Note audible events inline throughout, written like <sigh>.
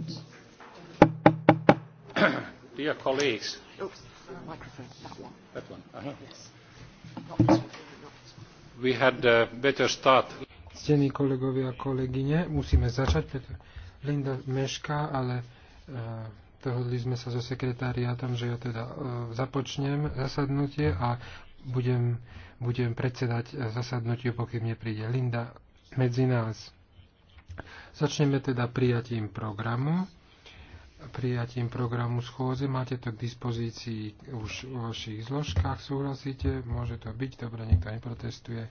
<clears throat> Dear colleagues. We had uh, better start. Stení kolegovia a kolegyne, musíme začať, pretože Linda mešká, ale uh, dohodli sme sa so sekretáriátom, že ja teda uh, započnem zasadnutie a budem, budem predsedať zasadnutiu, pokým nepríde Linda medzi nás. Začneme teda prijatím programu. Prijatím programu schôdze máte to k dispozícii už vo vašich zložkách. Súhlasíte? Môže to byť. Dobre, nikto neprotestuje.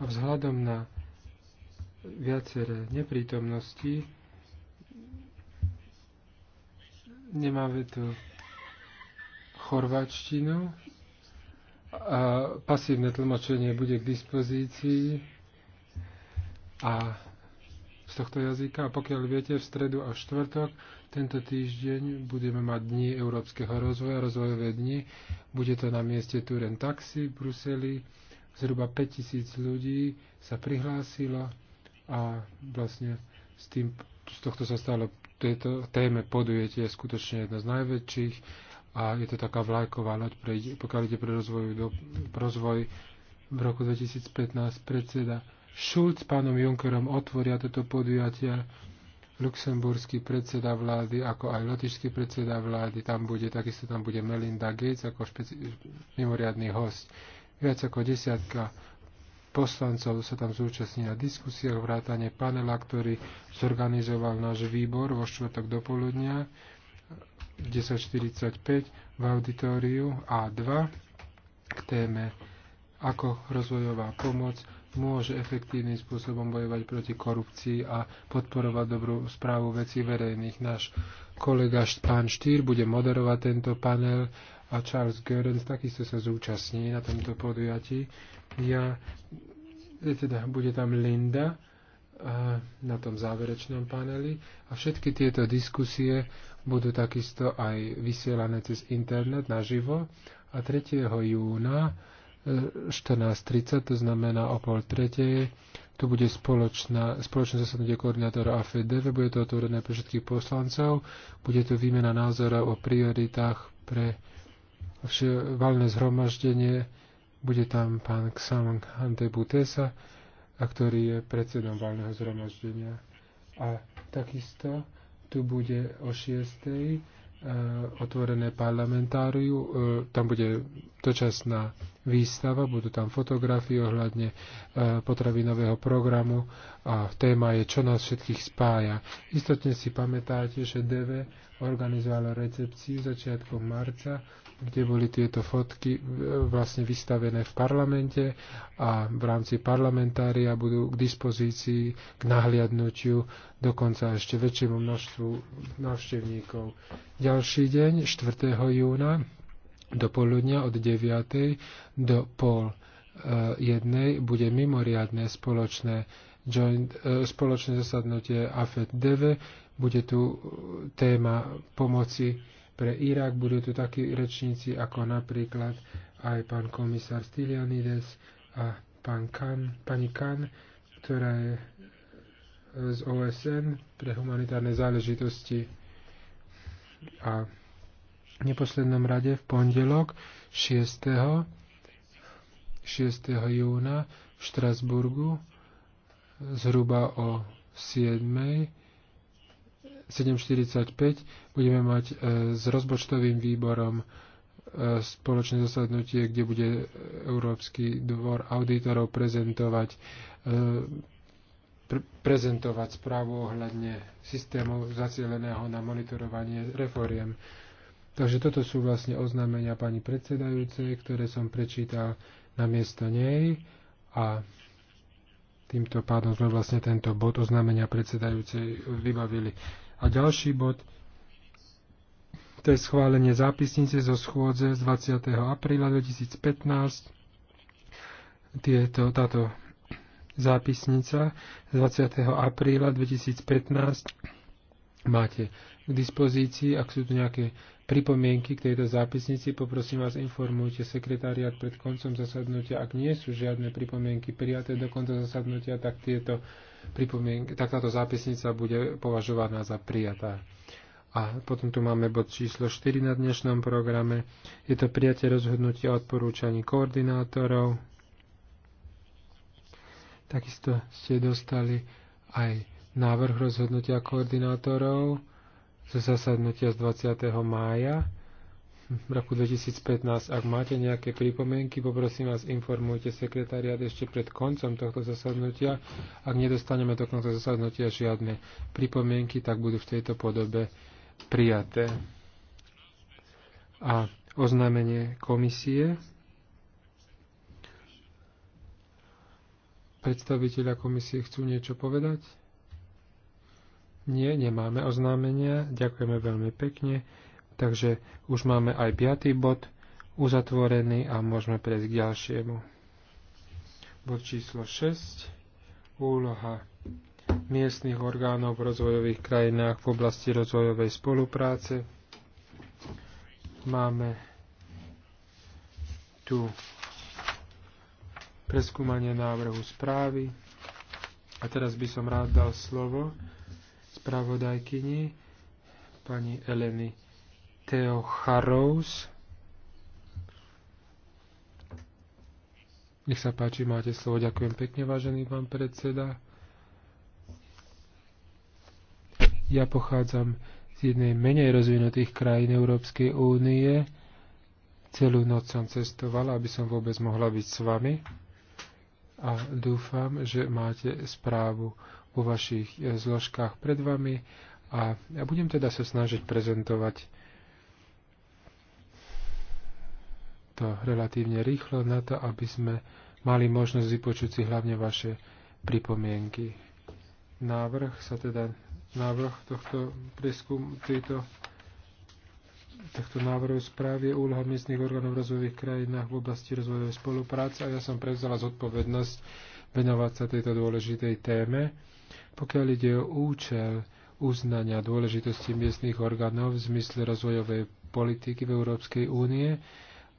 A vzhľadom na viaceré neprítomnosti nemáme tu chorvačtinu. A pasívne tlmočenie bude k dispozícii a z tohto jazyka. A pokiaľ viete, v stredu a štvrtok tento týždeň budeme mať dni európskeho rozvoja, rozvojové dni. Bude to na mieste Turen Taxi v Bruseli. Zhruba 5000 ľudí sa prihlásilo a vlastne s tým, z tohto sa stalo tejto téme podujetie je skutočne jedna z najväčších a je to taká vlajková loď, pre, pokiaľ ide pre rozvoj, do, rozvoj v roku 2015 predseda Schulz s pánom Junckerom otvoria toto podujatia. Luxemburský predseda vlády, ako aj lotišský predseda vlády, tam bude, takisto tam bude Melinda Gates ako špeci- mimoriadný host. Viac ako desiatka poslancov sa tam zúčastní na diskusiách vrátane panela, ktorý zorganizoval náš výbor vo štvrtok do poludnia 10.45 v auditoriu A2 k téme ako rozvojová pomoc môže efektívnym spôsobom bojovať proti korupcii a podporovať dobrú správu vecí verejných. Náš kolega pán Štýr bude moderovať tento panel a Charles Görens takisto sa zúčastní na tomto podujatí. Ja, teda bude tam Linda na tom záverečnom paneli a všetky tieto diskusie budú takisto aj vysielané cez internet naživo a 3. júna 14.30, to znamená o pol tretej. Tu bude spoločná, spoločné zasadnutie koordinátora AFDV, bude to otvorené pre všetkých poslancov, bude tu výmena názorov o prioritách pre valné zhromaždenie, bude tam pán Xamang Ante Butesa, a ktorý je predsedom valného zhromaždenia. A takisto tu bude o 6. Eh, otvorené parlamentáriu. Eh, tam bude dočasná výstava, budú tam fotografie ohľadne eh, potravinového programu a téma je, čo nás všetkých spája. Istotne si pamätáte, že DV organizovalo recepciu začiatkom marca, kde boli tieto fotky e, vlastne vystavené v parlamente a v rámci parlamentária budú k dispozícii k nahliadnutiu dokonca ešte väčšiemu množstvu návštevníkov. Ďalší deň, 4. júna, do poludnia od 9. do pol e, jednej bude mimoriadne spoločné, joint, e, spoločné zasadnutie afed 9. Bude tu e, téma pomoci pre Irak, budú tu takí rečníci ako napríklad aj pán komisár Stylianides a pán Kan, pani Kan, ktorá je e, z OSN pre humanitárne záležitosti a v neposlednom rade v pondelok 6. 6. júna v Štrasburgu zhruba o 7. 7.45 budeme mať e, s rozpočtovým výborom e, spoločné zasadnutie, kde bude Európsky dvor auditorov prezentovať e, prezentovať správu ohľadne systému zacieleného na monitorovanie reforiem. Takže toto sú vlastne oznámenia pani predsedajúcej, ktoré som prečítal na miesto nej a týmto pádom sme vlastne tento bod oznámenia predsedajúcej vybavili. A ďalší bod, to je schválenie zápisnice zo schôdze z 20. apríla 2015. Tieto, táto zápisnica z 20. apríla 2015 máte k dispozícii. Ak sú tu nejaké pripomienky k tejto zápisnici, poprosím vás, informujte sekretariat pred koncom zasadnutia. Ak nie sú žiadne pripomienky prijaté do konca zasadnutia, tak tieto tak táto zápisnica bude považovaná za prijatá. A potom tu máme bod číslo 4 na dnešnom programe. Je to prijatie rozhodnutia odporúčaní koordinátorov. Takisto ste dostali aj návrh rozhodnutia koordinátorov zo zasadnutia z 20. mája v roku 2015. Ak máte nejaké pripomienky, poprosím vás, informujte sekretariat ešte pred koncom tohto zasadnutia. Ak nedostaneme do konca zasadnutia žiadne pripomienky, tak budú v tejto podobe prijaté. A oznámenie komisie. Predstaviteľa komisie chcú niečo povedať? Nie, nemáme oznámenia. Ďakujeme veľmi pekne. Takže už máme aj piatý bod uzatvorený a môžeme prejsť k ďalšiemu. Bod číslo 6. Úloha miestnych orgánov v rozvojových krajinách v oblasti rozvojovej spolupráce. Máme tu preskúmanie návrhu správy. A teraz by som rád dal slovo spravodajkyni pani Eleny Theocharous. Nech sa páči, máte slovo. Ďakujem pekne, vážený pán predseda. Ja pochádzam z jednej menej rozvinutých krajín Európskej únie. Celú noc som cestovala, aby som vôbec mohla byť s vami. A dúfam, že máte správu vo vašich zložkách pred vami. A ja budem teda sa snažiť prezentovať to relatívne rýchlo na to, aby sme mali možnosť vypočuť si hlavne vaše pripomienky. Návrh sa teda, návrh tohto preskum, tejto tohto návrhu správy je úloha miestnych orgánov v rozvojových krajinách v oblasti rozvojovej spolupráce a ja som prevzala zodpovednosť venovať sa tejto dôležitej téme. Pokiaľ ide o účel uznania dôležitosti miestnych orgánov v zmysle rozvojovej politiky v Európskej únie,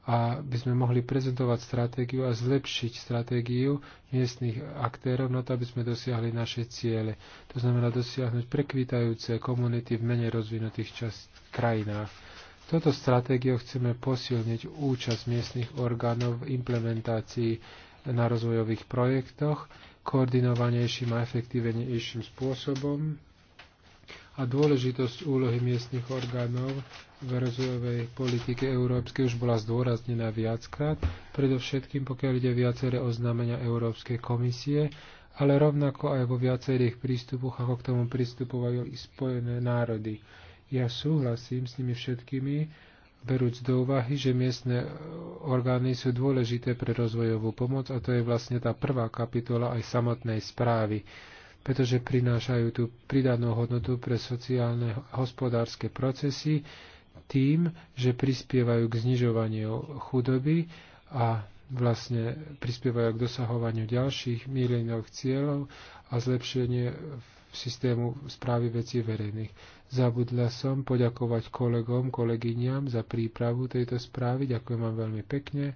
a by sme mohli prezentovať stratégiu a zlepšiť stratégiu miestnych aktérov na to, aby sme dosiahli naše ciele. To znamená dosiahnuť prekvitajúce komunity v menej rozvinutých čas- krajinách. Toto stratégiou chceme posilniť účasť miestnych orgánov v implementácii na rozvojových projektoch koordinovanejším a efektívnejším spôsobom a dôležitosť úlohy miestnych orgánov v rozvojovej politike európskej už bola zdôraznená viackrát, predovšetkým pokiaľ ide viaceré oznámenia Európskej komisie, ale rovnako aj vo viacerých prístupoch, ako k tomu pristupovajú i Spojené národy. Ja súhlasím s nimi všetkými, berúc do úvahy, že miestne orgány sú dôležité pre rozvojovú pomoc a to je vlastne tá prvá kapitola aj samotnej správy pretože prinášajú tú pridanú hodnotu pre sociálne hospodárske procesy tým, že prispievajú k znižovaniu chudoby a vlastne prispievajú k dosahovaniu ďalších milenových cieľov a zlepšenie systému správy vecí verejných. Zabudla som poďakovať kolegom, kolegyňam za prípravu tejto správy. Ďakujem vám veľmi pekne.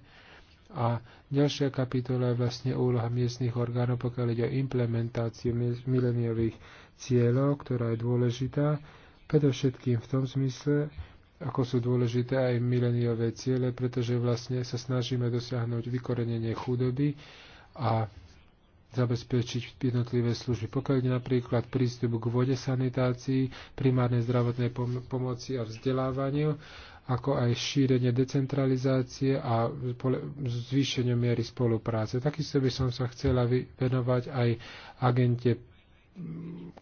A ďalšia kapitola je vlastne úloha miestnych orgánov, pokiaľ ide o implementáciu mileniových cieľov, ktorá je dôležitá, predovšetkým v tom zmysle, ako sú dôležité aj mileniové ciele, pretože vlastne sa snažíme dosiahnuť vykorenenie chudoby a zabezpečiť jednotlivé služby. Pokiaľ je napríklad prístup k vode, sanitácii, primárnej zdravotnej pom- pomoci a vzdelávaniu, ako aj šírenie decentralizácie a zvýšenie miery spolupráce. Takisto by som sa chcela venovať aj agente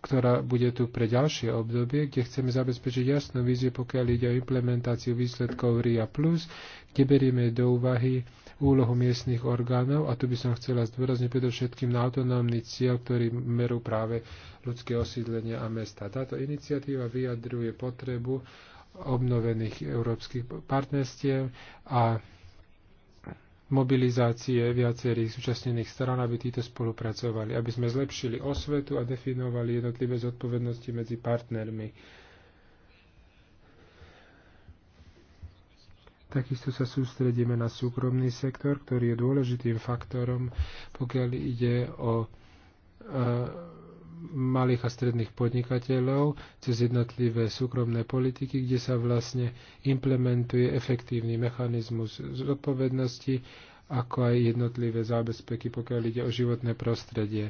ktorá bude tu pre ďalšie obdobie, kde chceme zabezpečiť jasnú víziu, pokiaľ ide o implementáciu výsledkov RIA+, kde berieme do úvahy úlohu miestnych orgánov a tu by som chcela zdôrazniť predovšetkým na autonómny cieľ, ktorý merú práve ľudské osídlenie a mesta. Táto iniciatíva vyjadruje potrebu obnovených európskych partnerstiev a mobilizácie viacerých zúčastnených stran, aby títo spolupracovali, aby sme zlepšili osvetu a definovali jednotlivé zodpovednosti medzi partnermi. Takisto sa sústredíme na súkromný sektor, ktorý je dôležitým faktorom, pokiaľ ide o e, malých a stredných podnikateľov cez jednotlivé súkromné politiky, kde sa vlastne implementuje efektívny mechanizmus zodpovednosti, ako aj jednotlivé zábezpeky, pokiaľ ide o životné prostredie.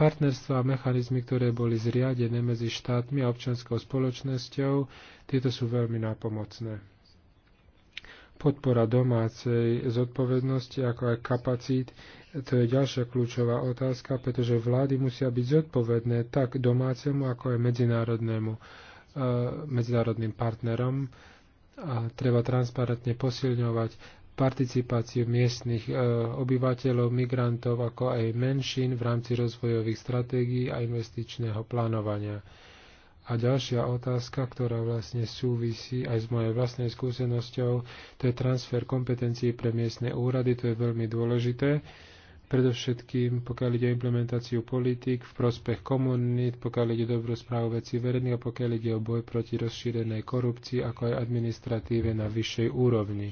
Partnerstva a mechanizmy, ktoré boli zriadené medzi štátmi a občanskou spoločnosťou, tieto sú veľmi nápomocné podpora domácej zodpovednosti, ako aj kapacít, to je ďalšia kľúčová otázka, pretože vlády musia byť zodpovedné tak domácemu, ako aj medzinárodnému, e, medzinárodným partnerom a treba transparentne posilňovať participáciu miestnych e, obyvateľov, migrantov, ako aj menšín v rámci rozvojových stratégií a investičného plánovania. A ďalšia otázka, ktorá vlastne súvisí aj s mojej vlastnej skúsenosťou, to je transfer kompetencií pre miestne úrady, to je veľmi dôležité predovšetkým pokiaľ ide o implementáciu politik v prospech komunít, pokiaľ ide o dobrú správu veci verejných a pokiaľ ide o boj proti rozšírenej korupcii, ako aj administratíve na vyššej úrovni.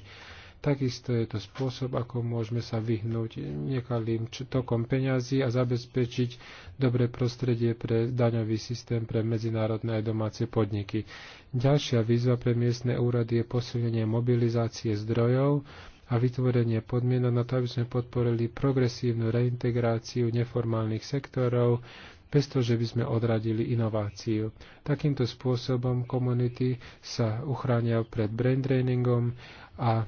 Takisto je to spôsob, ako môžeme sa vyhnúť nekalým tokom peňazí a zabezpečiť dobré prostredie pre daňový systém pre medzinárodné a domáce podniky. Ďalšia výzva pre miestne úrady je posilnenie mobilizácie zdrojov a vytvorenie podmienok na to, aby sme podporili progresívnu reintegráciu neformálnych sektorov, bez toho, že by sme odradili inováciu. Takýmto spôsobom komunity sa uchránia pred brain trainingom a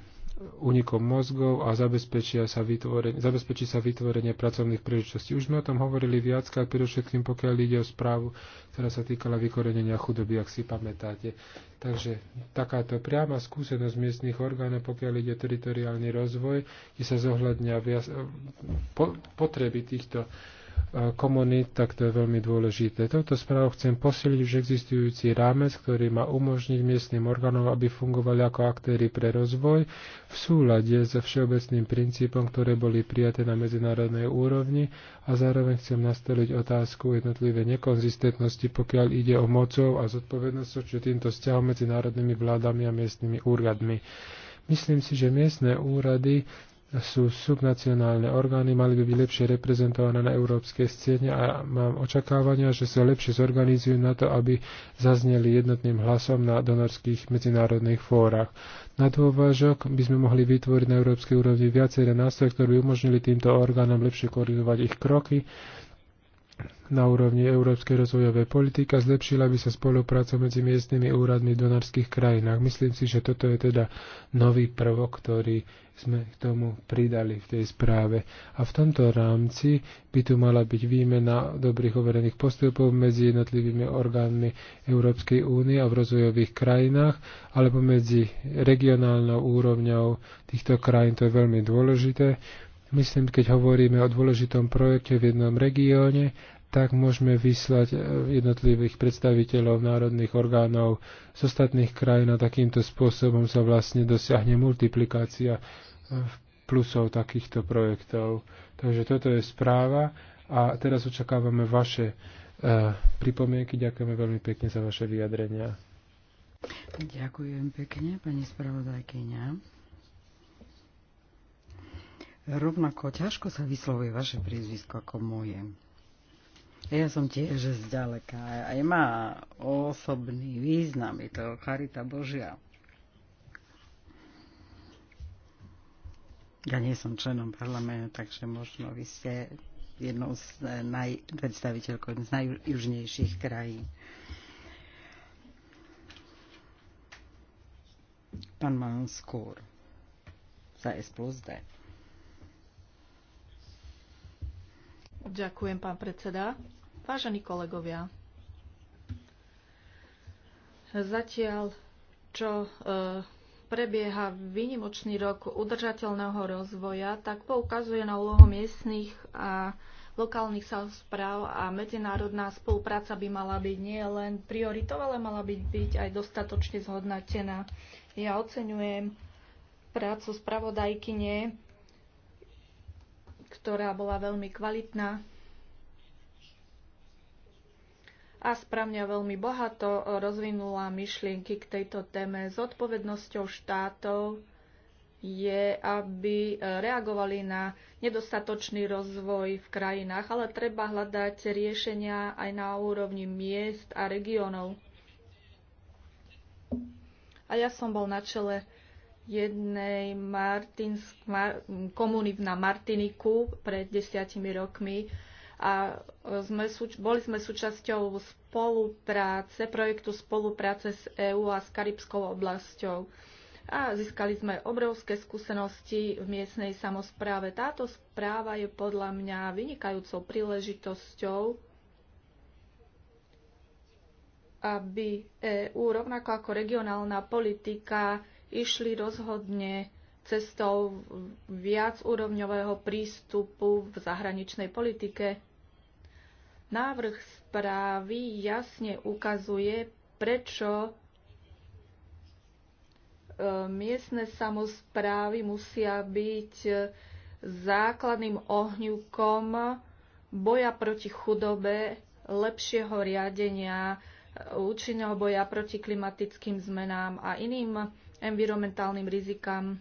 únikom mozgov a zabezpečia sa vytvorenie, zabezpečí sa vytvorenie pracovných príležitostí. Už sme o tom hovorili viackrát, predovšetkým pokiaľ ide o správu, ktorá sa týkala vykorenenia chudoby, ak si pamätáte. Takže takáto priama skúsenosť miestnych orgánov, pokiaľ ide o teritoriálny rozvoj, kde sa zohľadňa viac, po, potreby týchto komunít, tak to je veľmi dôležité. Toto správu chcem posiliť už existujúci rámec, ktorý má umožniť miestnym orgánom, aby fungovali ako aktéry pre rozvoj v súlade so všeobecným princípom, ktoré boli prijaté na medzinárodnej úrovni a zároveň chcem nastoliť otázku jednotlivé nekonzistentnosti, pokiaľ ide o mocov a zodpovednosť či týmto vzťahom medzinárodnými vládami a miestnymi úradmi. Myslím si, že miestne úrady sú subnacionálne orgány, mali by byť lepšie reprezentované na európskej scéne a mám očakávania, že sa lepšie zorganizujú na to, aby zazneli jednotným hlasom na donorských medzinárodných fórach. Na dôvážok by sme mohli vytvoriť na európskej úrovni viaceré nástroje, ktoré by umožnili týmto orgánom lepšie koordinovať ich kroky na úrovni európskej rozvojovej politiky a zlepšila by sa spolupráca medzi miestnymi úradmi v donárských krajinách. Myslím si, že toto je teda nový prvok, ktorý sme k tomu pridali v tej správe. A v tomto rámci by tu mala byť výmena dobrých overených postupov medzi jednotlivými orgánmi Európskej únie a v rozvojových krajinách, alebo medzi regionálnou úrovňou týchto krajín. To je veľmi dôležité. Myslím, keď hovoríme o dôležitom projekte v jednom regióne, tak môžeme vyslať e, jednotlivých predstaviteľov národných orgánov z ostatných krajín a takýmto spôsobom sa vlastne dosiahne multiplikácia e, plusov takýchto projektov. Takže toto je správa a teraz očakávame vaše e, pripomienky. Ďakujeme veľmi pekne za vaše vyjadrenia. Ďakujem pekne, pani spravodajkyňa. Rovnako ťažko sa vyslovuje vaše priezvisko ako moje. Ja som tiež zďaleka. Aj má osobný význam, je to charita Božia. Ja nie som členom parlamentu, takže možno vy ste jednou z naj, predstaviteľkou z najjužnejších krajín. Pán Manskúr za S plus D. Ďakujem, pán predseda. Vážení kolegovia, zatiaľ, čo e, prebieha výnimočný rok udržateľného rozvoja, tak poukazuje na úlohu miestných a lokálnych správ a medzinárodná spolupráca by mala byť nie len prioritou, ale mala byť, byť aj dostatočne zhodnatená. Ja oceňujem prácu spravodajkyne, ktorá bola veľmi kvalitná a správne veľmi bohato rozvinula myšlienky k tejto téme. odpovednosťou štátov je, aby reagovali na nedostatočný rozvoj v krajinách, ale treba hľadať riešenia aj na úrovni miest a regiónov. A ja som bol na čele jednej Martins, Mar, komuny na Martiniku pred desiatimi rokmi a sme, boli sme súčasťou spolupráce, projektu spolupráce s EÚ a s Karibskou oblasťou. A získali sme obrovské skúsenosti v miestnej samozpráve. Táto správa je podľa mňa vynikajúcou príležitosťou, aby EÚ, rovnako ako regionálna politika, išli rozhodne cestou viacúrovňového prístupu v zahraničnej politike Návrh správy jasne ukazuje, prečo e, miestne samozprávy musia byť základným ohňukom boja proti chudobe, lepšieho riadenia, účinného boja proti klimatickým zmenám a iným environmentálnym rizikám.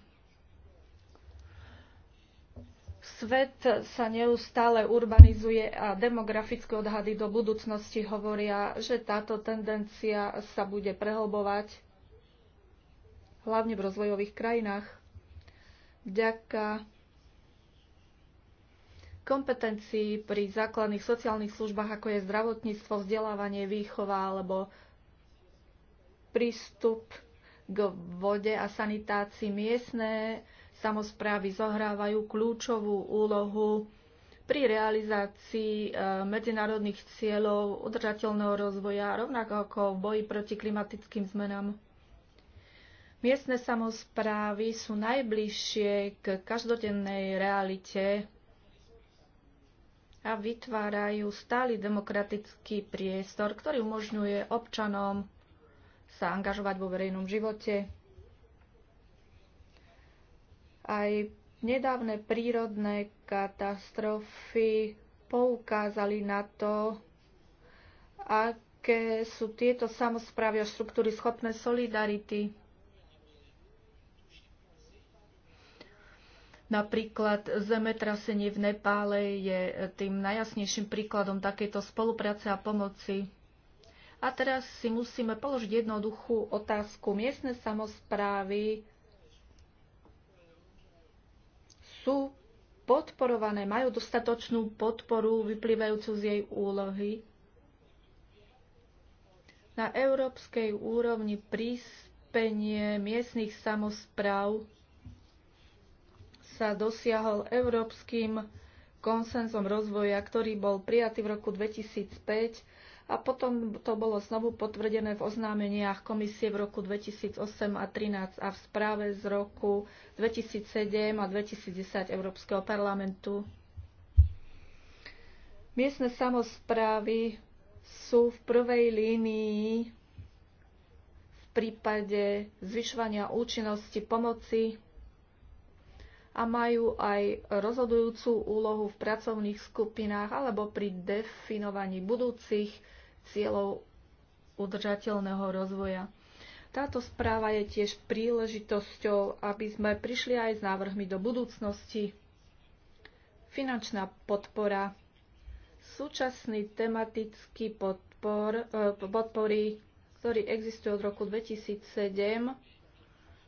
Svet sa neustále urbanizuje a demografické odhady do budúcnosti hovoria, že táto tendencia sa bude prehlbovať, hlavne v rozvojových krajinách. Vďaka kompetencií pri základných sociálnych službách, ako je zdravotníctvo, vzdelávanie, výchova alebo prístup k vode a sanitácii miestne Samozprávy zohrávajú kľúčovú úlohu pri realizácii e, medzinárodných cieľov udržateľného rozvoja, rovnako ako v boji proti klimatickým zmenám. Miestne samozprávy sú najbližšie k každodennej realite a vytvárajú stály demokratický priestor, ktorý umožňuje občanom sa angažovať vo verejnom živote. Aj nedávne prírodné katastrofy poukázali na to, aké sú tieto samozprávy a štruktúry schopné solidarity. Napríklad zemetrasenie v Nepále je tým najjasnejším príkladom takejto spolupráce a pomoci. A teraz si musíme položiť jednoduchú otázku. Miestne samozprávy sú podporované, majú dostatočnú podporu vyplývajúcu z jej úlohy. Na európskej úrovni príspenie miestnych samozpráv sa dosiahol európskym konsenzom rozvoja, ktorý bol prijatý v roku 2005 a potom to bolo znovu potvrdené v oznámeniach komisie v roku 2008 a 2013 a v správe z roku 2007 a 2010 Európskeho parlamentu. Miestne samozprávy sú v prvej línii v prípade zvyšovania účinnosti pomoci a majú aj rozhodujúcu úlohu v pracovných skupinách alebo pri definovaní budúcich cieľov udržateľného rozvoja. Táto správa je tiež príležitosťou, aby sme prišli aj s návrhmi do budúcnosti. Finančná podpora. Súčasný tematický podpor, eh, podpory, ktorý existuje od roku 2007,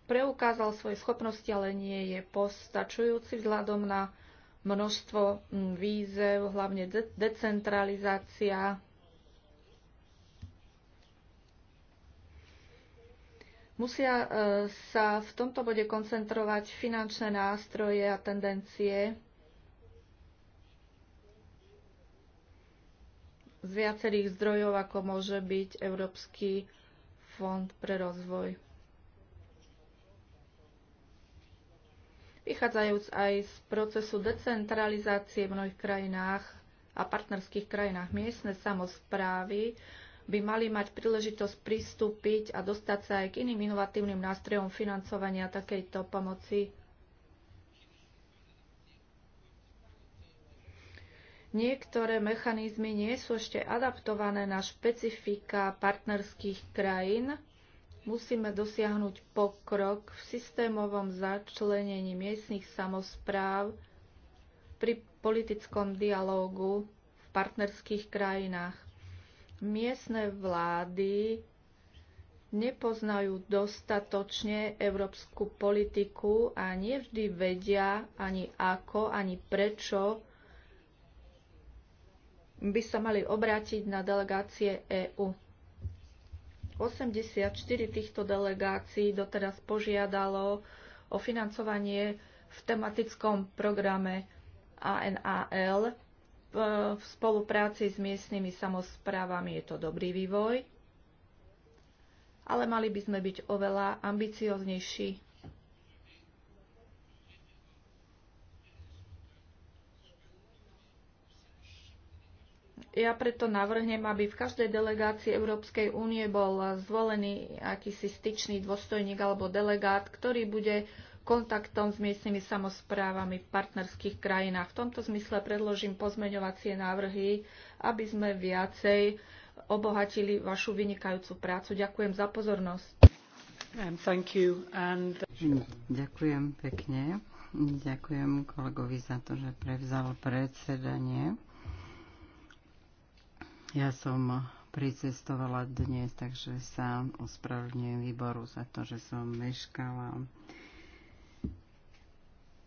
preukázal svoje schopnosti, ale nie je postačujúci vzhľadom na množstvo hm, výzev, hlavne de- decentralizácia, Musia e, sa v tomto bode koncentrovať finančné nástroje a tendencie z viacerých zdrojov, ako môže byť Európsky fond pre rozvoj. Vychádzajúc aj z procesu decentralizácie v mnohých krajinách a partnerských krajinách miestne samozprávy by mali mať príležitosť pristúpiť a dostať sa aj k iným inovatívnym nástrojom financovania takejto pomoci. Niektoré mechanizmy nie sú ešte adaptované na špecifika partnerských krajín. Musíme dosiahnuť pokrok v systémovom začlenení miestnych samozpráv pri politickom dialógu v partnerských krajinách. Miestne vlády nepoznajú dostatočne európsku politiku a nevždy vedia ani ako, ani prečo by sa mali obrátiť na delegácie EÚ. 84 týchto delegácií doteraz požiadalo o financovanie v tematickom programe ANAL v spolupráci s miestnymi samozprávami je to dobrý vývoj, ale mali by sme byť oveľa ambicioznejší. Ja preto navrhnem, aby v každej delegácii Európskej únie bol zvolený akýsi styčný dôstojník alebo delegát, ktorý bude kontaktom s miestnymi samozprávami v partnerských krajinách. V tomto zmysle predložím pozmeňovacie návrhy, aby sme viacej obohatili vašu vynikajúcu prácu. Ďakujem za pozornosť. Um, and... Ďakujem pekne. Ďakujem kolegovi za to, že prevzal predsedanie. Ja som pricestovala dnes, takže sa ospravedlňujem výboru za to, že som meškala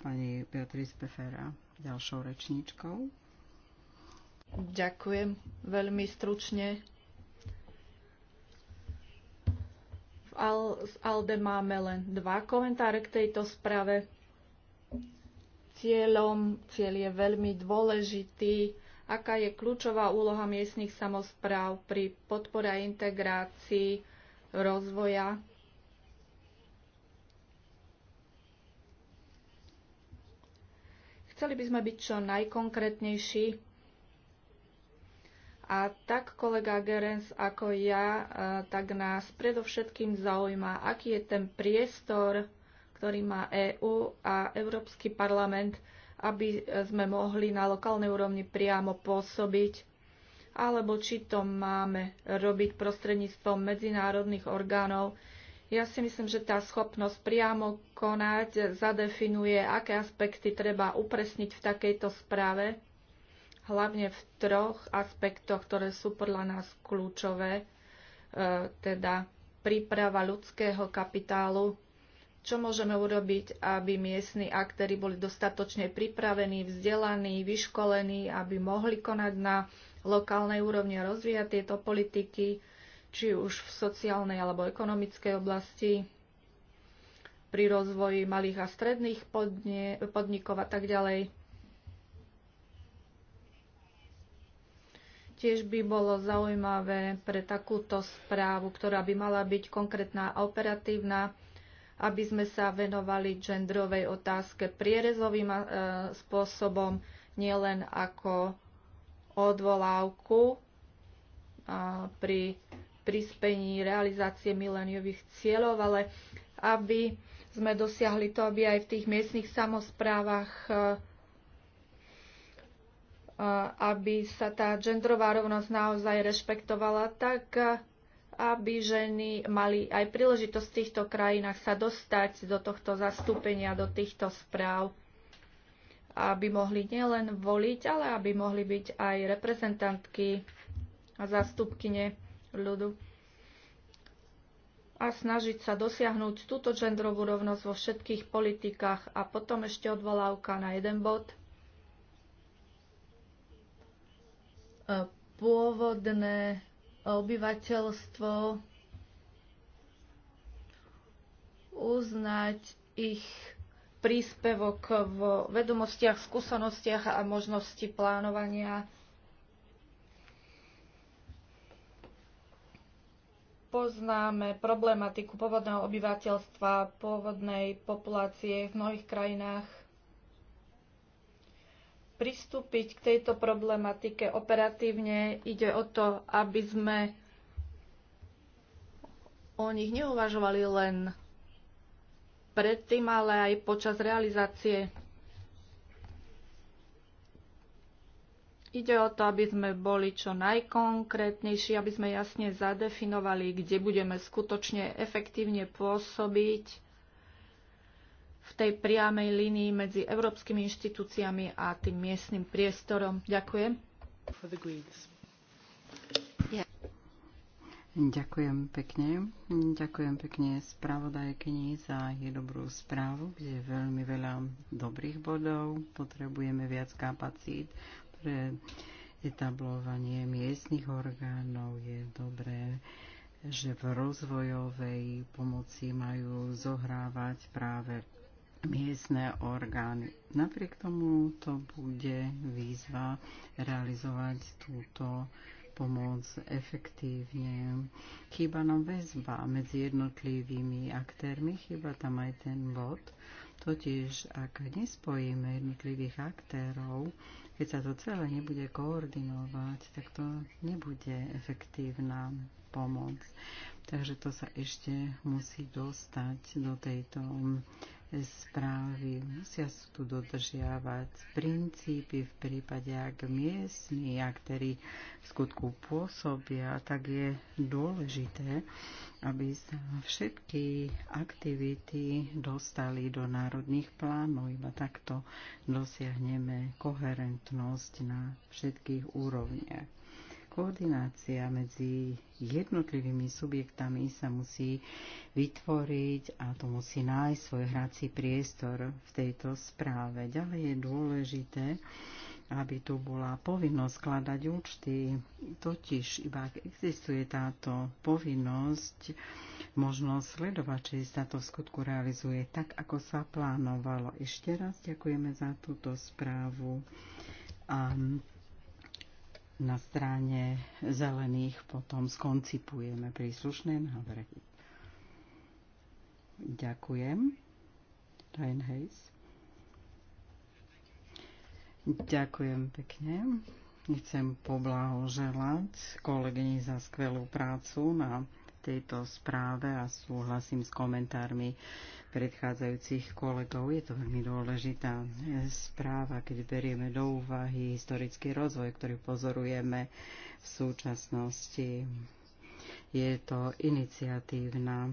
pani Beatrice Befera ďalšou rečníčkou. Ďakujem veľmi stručne. V ALDE máme len dva komentáre k tejto sprave. Cieľom, cieľ je veľmi dôležitý, aká je kľúčová úloha miestnych samozpráv pri podpore integrácii rozvoja Chceli by sme byť čo najkonkrétnejší. A tak kolega Gerens ako ja, e, tak nás predovšetkým zaujíma, aký je ten priestor, ktorý má EÚ a Európsky parlament, aby e, sme mohli na lokálnej úrovni priamo pôsobiť, alebo či to máme robiť prostredníctvom medzinárodných orgánov, ja si myslím, že tá schopnosť priamo konať zadefinuje, aké aspekty treba upresniť v takejto správe, hlavne v troch aspektoch, ktoré sú podľa nás kľúčové, e, teda príprava ľudského kapitálu, čo môžeme urobiť, aby miestni aktéry boli dostatočne pripravení, vzdelaní, vyškolení, aby mohli konať na lokálnej úrovni a rozvíjať tieto politiky, či už v sociálnej alebo ekonomickej oblasti, pri rozvoji malých a stredných podnikov a tak ďalej. Tiež by bolo zaujímavé pre takúto správu, ktorá by mala byť konkrétna a operatívna, aby sme sa venovali genderovej otázke prierezovým e, spôsobom, nielen ako odvolávku pri prispení realizácie mileniových cieľov, ale aby sme dosiahli to, aby aj v tých miestnych samozprávach e, e, aby sa tá genderová rovnosť naozaj rešpektovala, tak e, aby ženy mali aj príležitosť v týchto krajinách sa dostať do tohto zastúpenia, do týchto správ, aby mohli nielen voliť, ale aby mohli byť aj reprezentantky a zástupkyne ľudu a snažiť sa dosiahnuť túto genderovú rovnosť vo všetkých politikách. A potom ešte odvolávka na jeden bod. E, pôvodné obyvateľstvo uznať ich príspevok v vedomostiach, skúsenostiach a možnosti plánovania poznáme problematiku pôvodného obyvateľstva, pôvodnej populácie v mnohých krajinách. Pristúpiť k tejto problematike operatívne ide o to, aby sme o nich neuvažovali len predtým, ale aj počas realizácie Ide o to, aby sme boli čo najkonkrétnejší, aby sme jasne zadefinovali, kde budeme skutočne efektívne pôsobiť v tej priamej línii medzi európskymi inštitúciami a tým miestnym priestorom. Ďakujem. Ďakujem pekne. Ďakujem pekne spravodajkyni za jej dobrú správu, kde je veľmi veľa dobrých bodov. Potrebujeme viac kapacít dobré, etablovanie miestnych orgánov je dobré, že v rozvojovej pomoci majú zohrávať práve miestne orgány. Napriek tomu to bude výzva realizovať túto pomoc efektívne. Chýba nám väzba medzi jednotlivými aktérmi, chýba tam aj ten bod. Totiž, ak nespojíme jednotlivých aktérov, keď sa to celé nebude koordinovať, tak to nebude efektívna pomoc. Takže to sa ešte musí dostať do tejto správy. Musia sa tu dodržiavať princípy v prípade, ak miestni ktorí v skutku pôsobia, tak je dôležité, aby sa všetky aktivity dostali do národných plánov. Iba takto dosiahneme koherentnosť na všetkých úrovniach. Koordinácia medzi jednotlivými subjektami sa musí vytvoriť a to musí nájsť svoj hrací priestor v tejto správe. Ďalej je dôležité, aby tu bola povinnosť skladať účty. Totiž iba ak existuje táto povinnosť, možno sledovať, či sa to v skutku realizuje tak, ako sa plánovalo. Ešte raz ďakujeme za túto správu na strane zelených potom skoncipujeme príslušné návrhy. Ďakujem. Ryan Hayes. Ďakujem pekne. Chcem poblahoželať kolegyni za skvelú prácu na tejto správe a súhlasím s komentármi predchádzajúcich kolegov. Je to veľmi dôležitá správa, keď berieme do úvahy historický rozvoj, ktorý pozorujeme v súčasnosti. Je to iniciatívna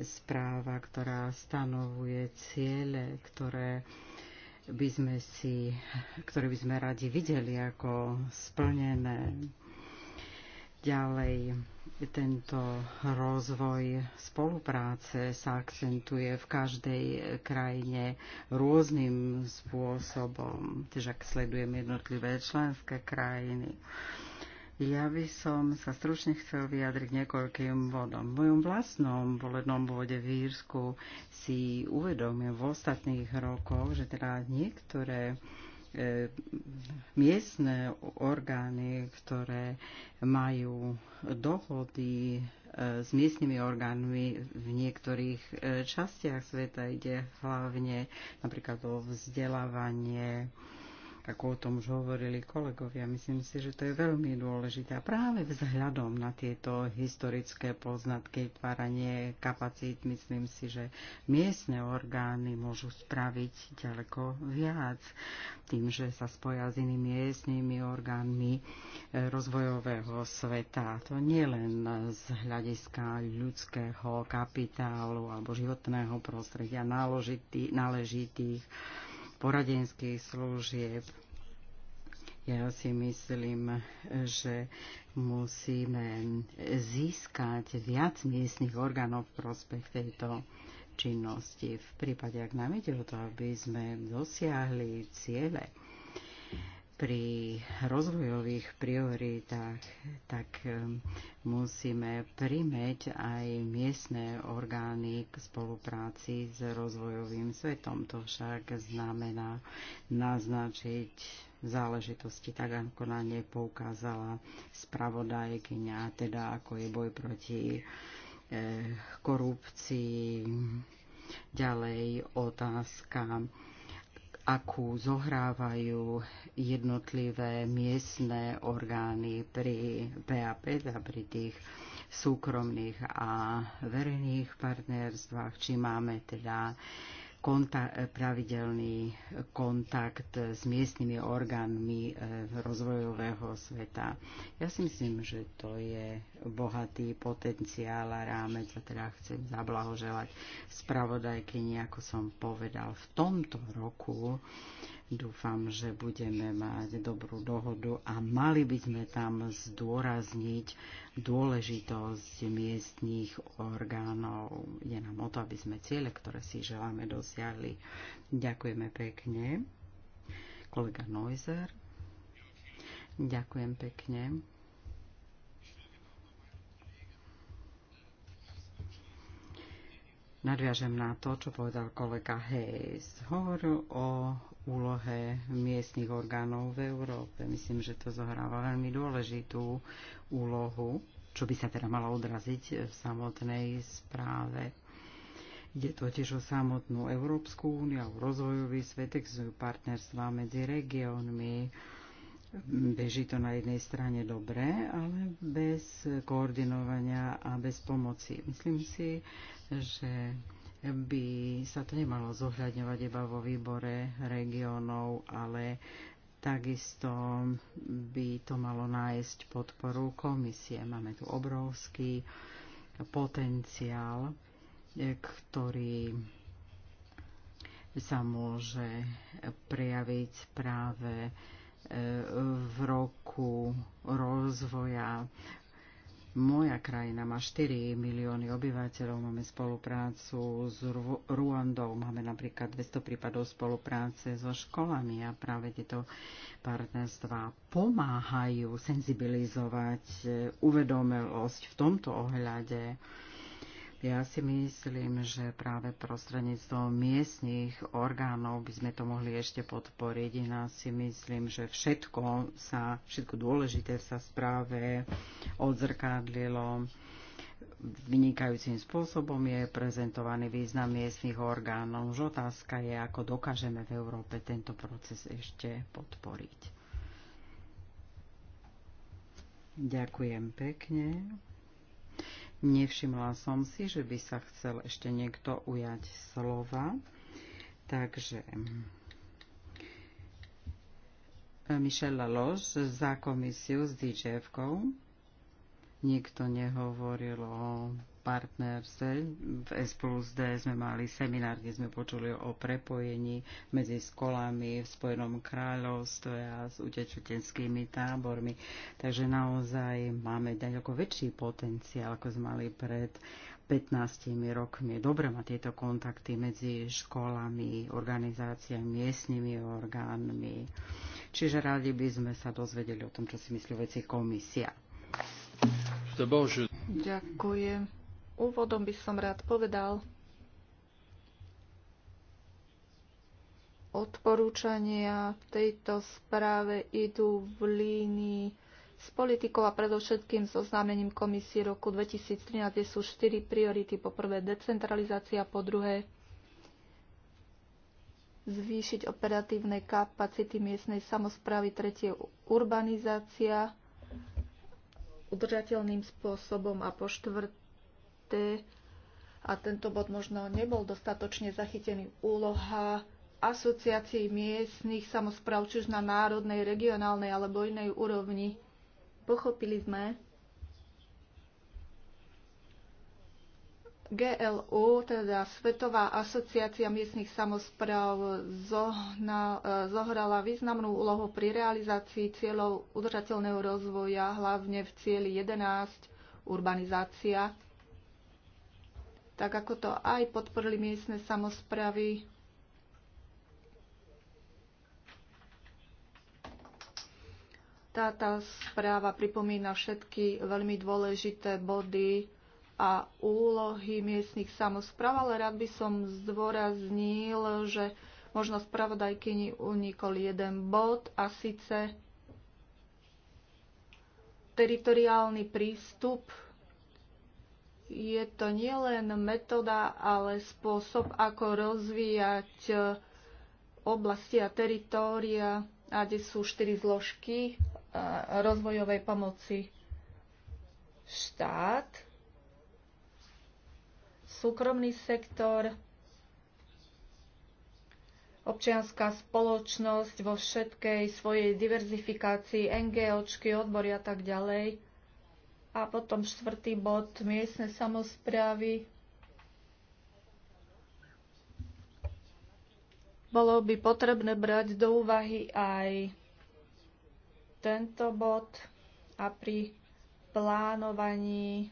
správa, ktorá stanovuje ciele, ktoré by sme si, ktoré by sme radi videli ako splnené. Ďalej tento rozvoj spolupráce sa akcentuje v každej krajine rôznym spôsobom, tiež ak sledujem jednotlivé členské krajiny. Ja by som sa stručne chcel vyjadriť niekoľkým bodom. V mojom vlastnom volednom bode v Írsku si uvedomím v ostatných rokoch, že teda niektoré E, miestne orgány, ktoré majú dohody e, s miestnymi orgánmi v niektorých e, častiach sveta. Ide hlavne napríklad o vzdelávanie, ako o tom už hovorili kolegovia. Myslím si, že to je veľmi dôležité. A práve vzhľadom na tieto historické poznatky, tváranie kapacít, myslím si, že miestne orgány môžu spraviť ďaleko viac tým, že sa spoja s inými miestnymi orgánmi e, rozvojového sveta. To nie len z hľadiska ľudského kapitálu alebo životného prostredia náležitých poradenských služieb. Ja si myslím, že musíme získať viac miestnych orgánov v prospech tejto činnosti. V prípade, ak nám ide o to, aby sme dosiahli ciele, pri rozvojových prioritách, tak ehm, musíme primeť aj miestne orgány k spolupráci s rozvojovým svetom. To však znamená naznačiť záležitosti, tak ako na ne poukázala spravodajkyňa, teda ako je boj proti eh, korupcii, ďalej otázka akú zohrávajú jednotlivé miestne orgány pri PAP, a teda pri tých súkromných a verejných partnerstvách, či máme teda konta- e, pravidelný kontakt s miestnymi orgánmi e, rozvojového sveta. Ja si myslím, že to je bohatý potenciál a rámec a teda chcem zablahoželať spravodajkyni, ako som povedal, v tomto roku Dúfam, že budeme mať dobrú dohodu a mali by sme tam zdôrazniť dôležitosť miestných orgánov. Je nám o to, aby sme ciele, ktoré si želáme, dosiahli. Ďakujeme pekne. Kolega Neuser. Ďakujem pekne. nadviažem na to, čo povedal kolega Hayes. Hovoril o úlohe miestnych orgánov v Európe. Myslím, že to zohráva veľmi dôležitú úlohu, čo by sa teda malo odraziť v samotnej správe. Ide totiž o samotnú Európsku úniu, o rozvojový svet, existujú partnerstva medzi regiónmi, beží to na jednej strane dobre, ale bez koordinovania a bez pomoci. Myslím si, že by sa to nemalo zohľadňovať iba vo výbore regionov, ale takisto by to malo nájsť podporu komisie. Máme tu obrovský potenciál, e, ktorý sa môže prejaviť práve e, v roku rozvoja moja krajina má 4 milióny obyvateľov, máme spoluprácu s Ruandou, máme napríklad 200 prípadov spolupráce so školami a práve tieto partnerstva pomáhajú senzibilizovať e, uvedomelosť v tomto ohľade ja si myslím, že práve prostredníctvom miestných orgánov by sme to mohli ešte podporiť. Ja si myslím, že všetko, sa, všetko dôležité sa správe odzrkadlilo vynikajúcim spôsobom je prezentovaný význam miestnych orgánov. Už otázka je, ako dokážeme v Európe tento proces ešte podporiť. Ďakujem pekne. Nevšimla som si, že by sa chcel ešte niekto ujať slova. Takže Michelle Laloš za komisiu s DJF-kou. Nikto nehovoril o partnerstve. V S plus D sme mali seminár, kde sme počuli o prepojení medzi školami v Spojenom kráľovstve a s utečutenskými tábormi. Takže naozaj máme ďaleko väčší potenciál, ako sme mali pred 15 rokmi. Dobre ma tieto kontakty medzi školami, organizáciami, miestnymi orgánmi. Čiže radi by sme sa dozvedeli o tom, čo si myslí veci komisia. Ďakujem. Úvodom by som rád povedal odporúčania v tejto správe idú v línii s politikou a predovšetkým so oznámením komisie roku 2013, kde sú štyri priority. Po prvé decentralizácia, po druhé zvýšiť operatívne kapacity miestnej samozprávy, tretie urbanizácia udržateľným spôsobom a po štvrté dôležité a tento bod možno nebol dostatočne zachytený úloha asociácií miestnych samozpráv, či už na národnej, regionálnej alebo inej úrovni. Pochopili sme, GLU, teda Svetová asociácia miestnych samozpráv, zohrala významnú úlohu pri realizácii cieľov udržateľného rozvoja, hlavne v cieli 11, urbanizácia tak ako to aj podporili miestne samozpravy. Táto správa pripomína všetky veľmi dôležité body a úlohy miestnych samozpráv, ale rád by som zdôraznil, že možno spravodajkyni unikol jeden bod a síce teritoriálny prístup je to nielen metóda, ale spôsob, ako rozvíjať e, oblasti a teritória, a kde sú štyri zložky e, rozvojovej pomoci. Štát, súkromný sektor, občianská spoločnosť vo všetkej svojej diverzifikácii, NGOčky, odbory a tak ďalej. A potom štvrtý bod, miestne samozprávy. Bolo by potrebné brať do úvahy aj tento bod a pri plánovaní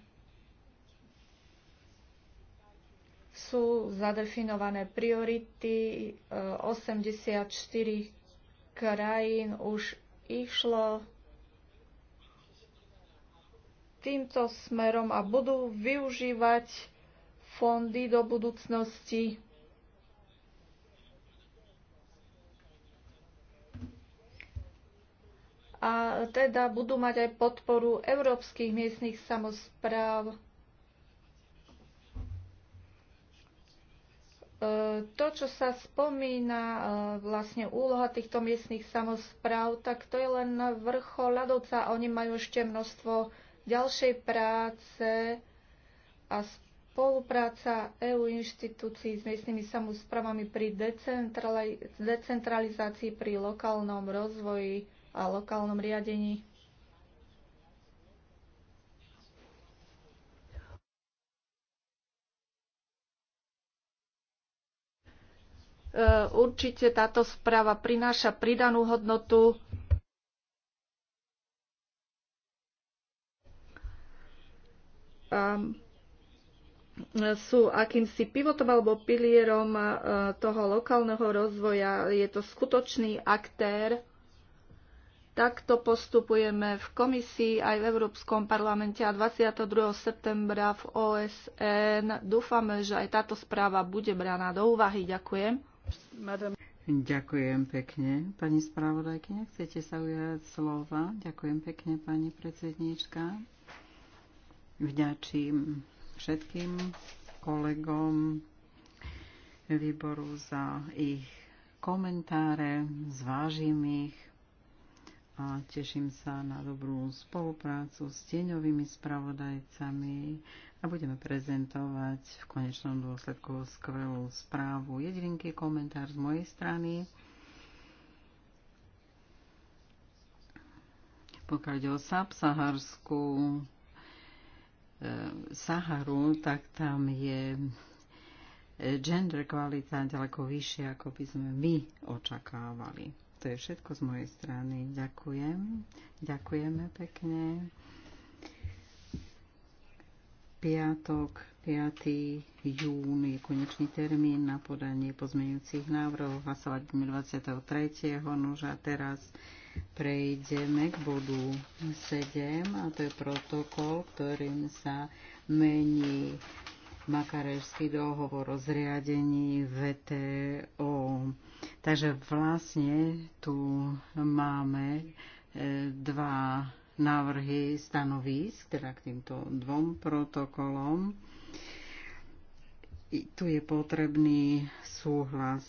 sú zadefinované priority. 84 krajín už išlo týmto smerom a budú využívať fondy do budúcnosti. A teda budú mať aj podporu európskych miestnych samozpráv. E, to, čo sa spomína, e, vlastne úloha týchto miestnych samozpráv, tak to je len vrchol ľadovca. Oni majú ešte množstvo ďalšej práce a spolupráca EU inštitúcií s miestnymi samozprávami pri decentralizácii, pri lokálnom rozvoji a lokálnom riadení. Určite táto správa prináša pridanú hodnotu E, sú akýmsi pivotom alebo pilierom e, toho lokálneho rozvoja. Je to skutočný aktér. Takto postupujeme v komisii aj v Európskom parlamente a 22. septembra v OSN. Dúfame, že aj táto správa bude braná do úvahy. Ďakujem. Ďakujem pekne. Pani spravodajkyňa, chcete sa ujať slova? Ďakujem pekne, pani predsedníčka. Vďačím všetkým kolegom výboru za ich komentáre, zvážim ich a teším sa na dobrú spoluprácu s tieňovými spravodajcami a budeme prezentovať v konečnom dôsledku skvelú správu. Jedinky komentár z mojej strany. Pokiaľ ide o Sapsaharskú E, Saharu, tak tam je e, gender kvalita ďaleko vyššia, ako by sme my očakávali. To je všetko z mojej strany. Ďakujem. Ďakujeme pekne. Piatok, 5. jún je konečný termín na podanie pozmeňujúcich návrhov. Hlasovať 23. Nož a teraz prejdeme k bodu 7 a to je protokol, ktorým sa mení Makarešský dohovor o zriadení VTO. Takže vlastne tu máme e, dva návrhy stanovísk, teda k týmto dvom protokolom. Tu je potrebný súhlas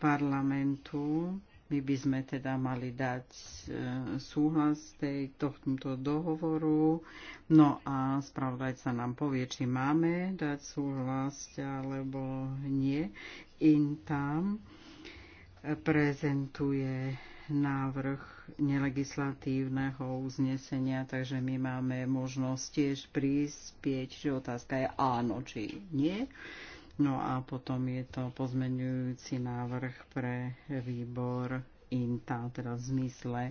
parlamentu my by sme teda mali dať e, súhlas tej, tohto dohovoru. No a spravodajca nám povie, či máme dať súhlas alebo nie. In tam prezentuje návrh nelegislatívneho uznesenia, takže my máme možnosť tiež prispieť, že otázka je áno, či nie. No a potom je to pozmenujúci návrh pre výbor INTA, teda v zmysle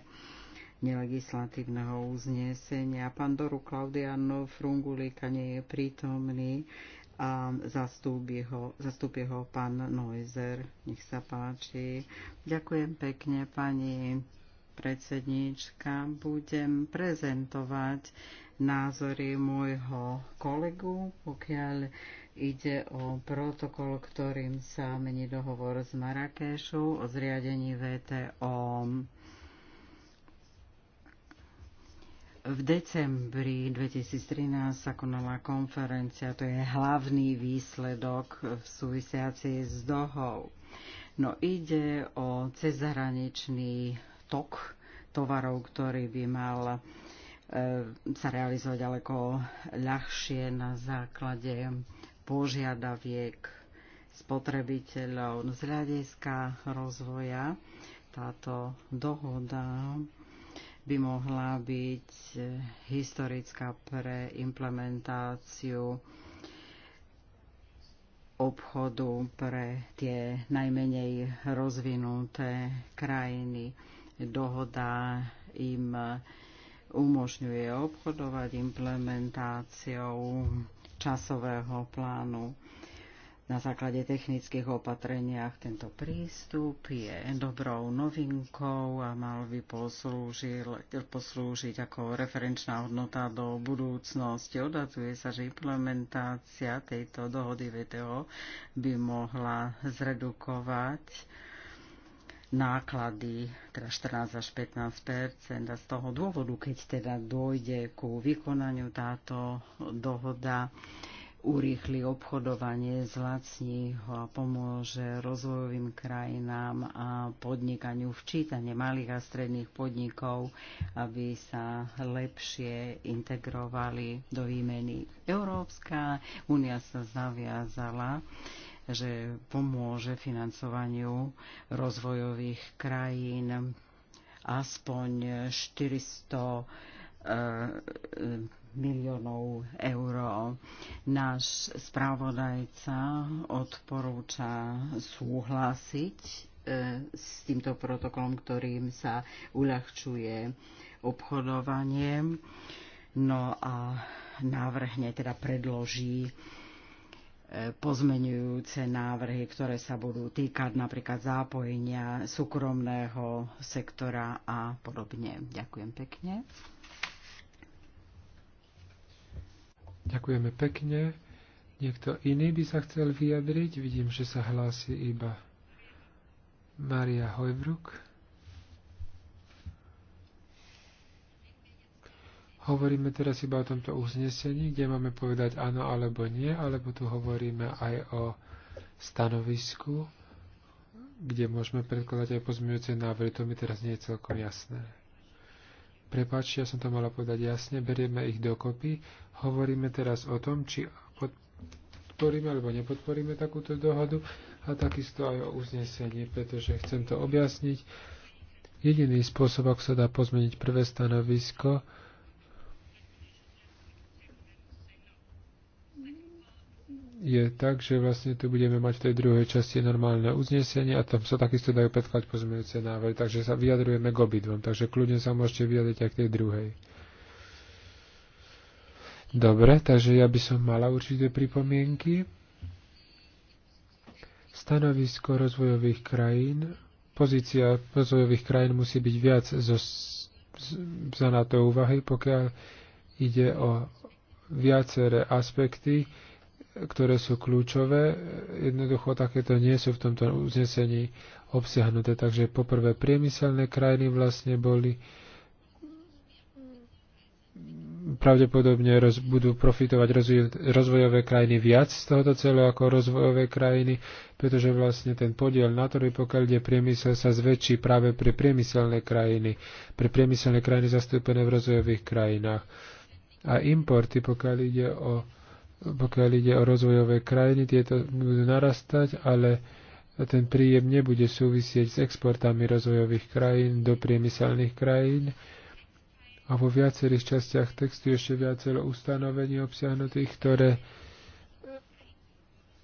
nelegislatívneho uznesenia. Pán Doru Klaudiano Frungulika nie je prítomný a zastúpi ho, zastúpi ho pán Noizer. Nech sa páči. Ďakujem pekne, pani predsedníčka. Budem prezentovať názory môjho kolegu, pokiaľ ide o protokol, ktorým sa mení dohovor s Marrakešou o zriadení VTO. V decembri 2013 sa konala konferencia, to je hlavný výsledok v súvisiaci s dohou. No ide o cezhraničný tok tovarov, ktorý by mal E, sa realizovať ďaleko ľahšie na základe požiadaviek spotrebiteľov. No, z hľadiska rozvoja táto dohoda by mohla byť historická pre implementáciu obchodu pre tie najmenej rozvinuté krajiny. Dohoda im umožňuje obchodovať implementáciou časového plánu. Na základe technických opatreniach tento prístup je dobrou novinkou a mal by poslúžil, poslúžiť ako referenčná hodnota do budúcnosti. Odatuje sa, že implementácia tejto dohody VTO by mohla zredukovať náklady, teda 14 až 15 a z toho dôvodu, keď teda dojde ku vykonaniu táto dohoda, urýchli obchodovanie, zlacní ho a pomôže rozvojovým krajinám a podnikaniu včítanie malých a stredných podnikov, aby sa lepšie integrovali do výmeny. Európska únia sa zaviazala že pomôže financovaniu rozvojových krajín aspoň 400 e, miliónov eur. Náš správodajca odporúča súhlasiť e, s týmto protokolom, ktorým sa uľahčuje obchodovanie. No a návrhne teda predloží pozmenujúce návrhy, ktoré sa budú týkať napríklad zápojenia súkromného sektora a podobne. Ďakujem pekne. Ďakujeme pekne. Niekto iný by sa chcel vyjadriť? Vidím, že sa hlási iba Maria Hojbruk. Hovoríme teraz iba o tomto uznesení, kde máme povedať áno alebo nie, alebo tu hovoríme aj o stanovisku, kde môžeme predkladať aj pozmeňujúce návrhy. To mi teraz nie je celkom jasné. Prepač, ja som to mala povedať jasne, berieme ich dokopy. Hovoríme teraz o tom, či podporíme alebo nepodporíme takúto dohodu a takisto aj o uznesení, pretože chcem to objasniť. Jediný spôsob, ako sa dá pozmeniť prvé stanovisko, je tak, že vlastne tu budeme mať v tej druhej časti normálne uznesenie a tam sa takisto dajú predkladať pozmeňujúce návrhy, takže sa vyjadrujeme k obidvom, takže kľudne sa môžete vyjadriť aj k tej druhej. Dobre, takže ja by som mala určité pripomienky. Stanovisko rozvojových krajín. Pozícia rozvojových krajín musí byť viac zo, za na to úvahy, pokiaľ ide o viaceré aspekty, ktoré sú kľúčové, jednoducho takéto nie sú v tomto uznesení obsiahnuté. Takže poprvé priemyselné krajiny vlastne boli pravdepodobne roz, budú profitovať rozvoj, rozvojové krajiny viac z tohoto celého ako rozvojové krajiny, pretože vlastne ten podiel na trhu, pokiaľ ide priemysel, sa zväčší práve pre priemyselné krajiny, pre priemyselné krajiny zastúpené v rozvojových krajinách. A importy, pokiaľ ide o pokiaľ ide o rozvojové krajiny, tieto budú narastať, ale ten príjem nebude súvisieť s exportami rozvojových krajín do priemyselných krajín. A vo viacerých častiach textu ešte viacero ustanovení obsiahnutých, ktoré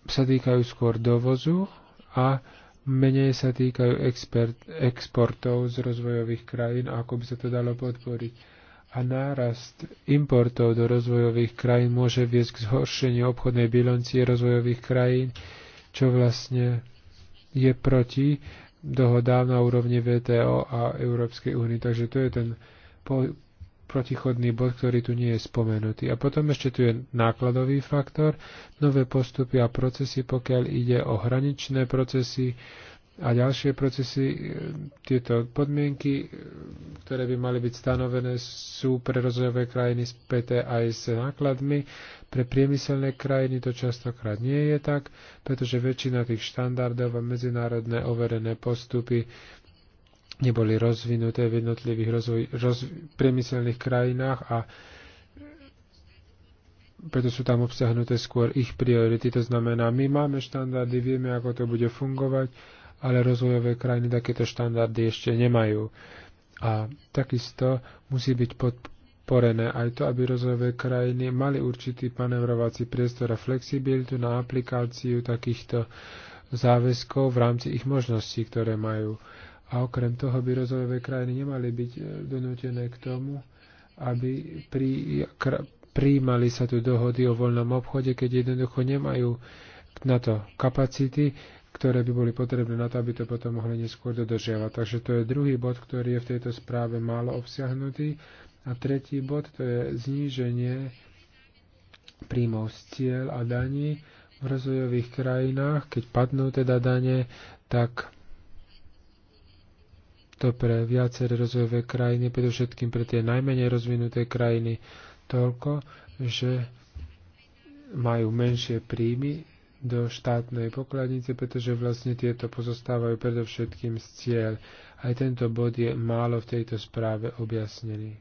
sa týkajú skôr dovozu a menej sa týkajú expert, exportov z rozvojových krajín, ako by sa to dalo podporiť a nárast importov do rozvojových krajín môže viesť k zhoršeniu obchodnej bilancie rozvojových krajín, čo vlastne je proti dohodám na úrovni VTO a Európskej únie. Takže to je ten protichodný bod, ktorý tu nie je spomenutý. A potom ešte tu je nákladový faktor, nové postupy a procesy, pokiaľ ide o hraničné procesy, a ďalšie procesy, e, tieto podmienky, e, ktoré by mali byť stanovené, sú pre rozvojové krajiny späté aj s nákladmi. Pre priemyselné krajiny to častokrát nie je tak, pretože väčšina tých štandardov a medzinárodné overené postupy neboli rozvinuté v jednotlivých rozvoj, rozv, priemyselných krajinách a preto sú tam obsahnuté skôr ich priority. To znamená, my máme štandardy, vieme, ako to bude fungovať, ale rozvojové krajiny takéto štandardy ešte nemajú. A takisto musí byť podporené aj to, aby rozvojové krajiny mali určitý manevrovací priestor a flexibilitu na aplikáciu takýchto záväzkov v rámci ich možností, ktoré majú. A okrem toho by rozvojové krajiny nemali byť e, donútené k tomu, aby pri, kr, príjmali sa tu dohody o voľnom obchode, keď jednoducho nemajú na to kapacity, ktoré by boli potrebné na to, aby to potom mohli neskôr dodržiavať. Takže to je druhý bod, ktorý je v tejto správe málo obsiahnutý. A tretí bod to je zníženie príjmov z cieľ a daní v rozvojových krajinách. Keď padnú teda dane, tak to pre viaceré rozvojové krajiny, predovšetkým pre tie najmenej rozvinuté krajiny, toľko, že majú menšie príjmy do štátnej pokladnice, pretože vlastne tieto pozostávajú predovšetkým z cieľ. Aj tento bod je málo v tejto správe objasnený.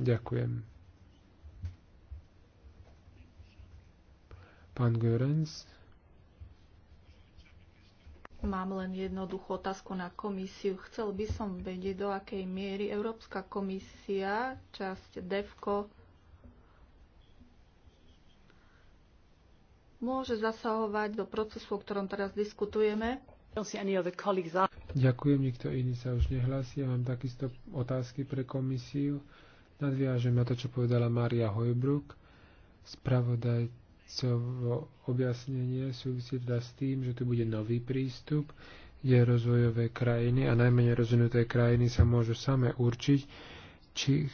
Ďakujem. Pán Görens? Mám len jednoduchú otázku na komisiu. Chcel by som vedieť, do akej miery Európska komisia, časť DEVKO, môže zasahovať do procesu, o ktorom teraz diskutujeme. Ďakujem, nikto iný sa už nehlási. Ja mám takisto otázky pre komisiu. Nadviažem na to, čo povedala Maria Hojbruk. Spravodajcovo objasnenie súvisí teda s tým, že tu bude nový prístup, je rozvojové krajiny a najmenej rozvinuté krajiny sa môžu same určiť, či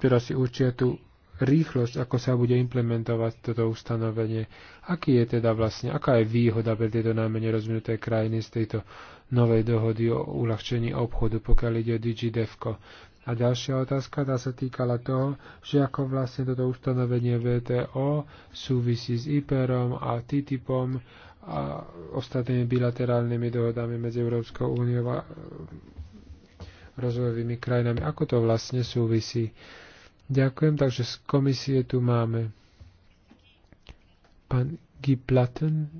teda si určia tú rýchlosť, ako sa bude implementovať toto ustanovenie. Aký je teda vlastne, aká je výhoda pre tieto najmenej rozvinuté krajiny z tejto novej dohody o uľahčení obchodu, pokiaľ ide o DigiDevko. A ďalšia otázka tá sa týkala toho, že ako vlastne toto ustanovenie VTO súvisí s IPERom a TTIPom a ostatnými bilaterálnymi dohodami medzi Európskou úniou a rozvojovými krajinami. Ako to vlastne súvisí? Ďakujem, takže z komisie tu máme pán Guy Platten.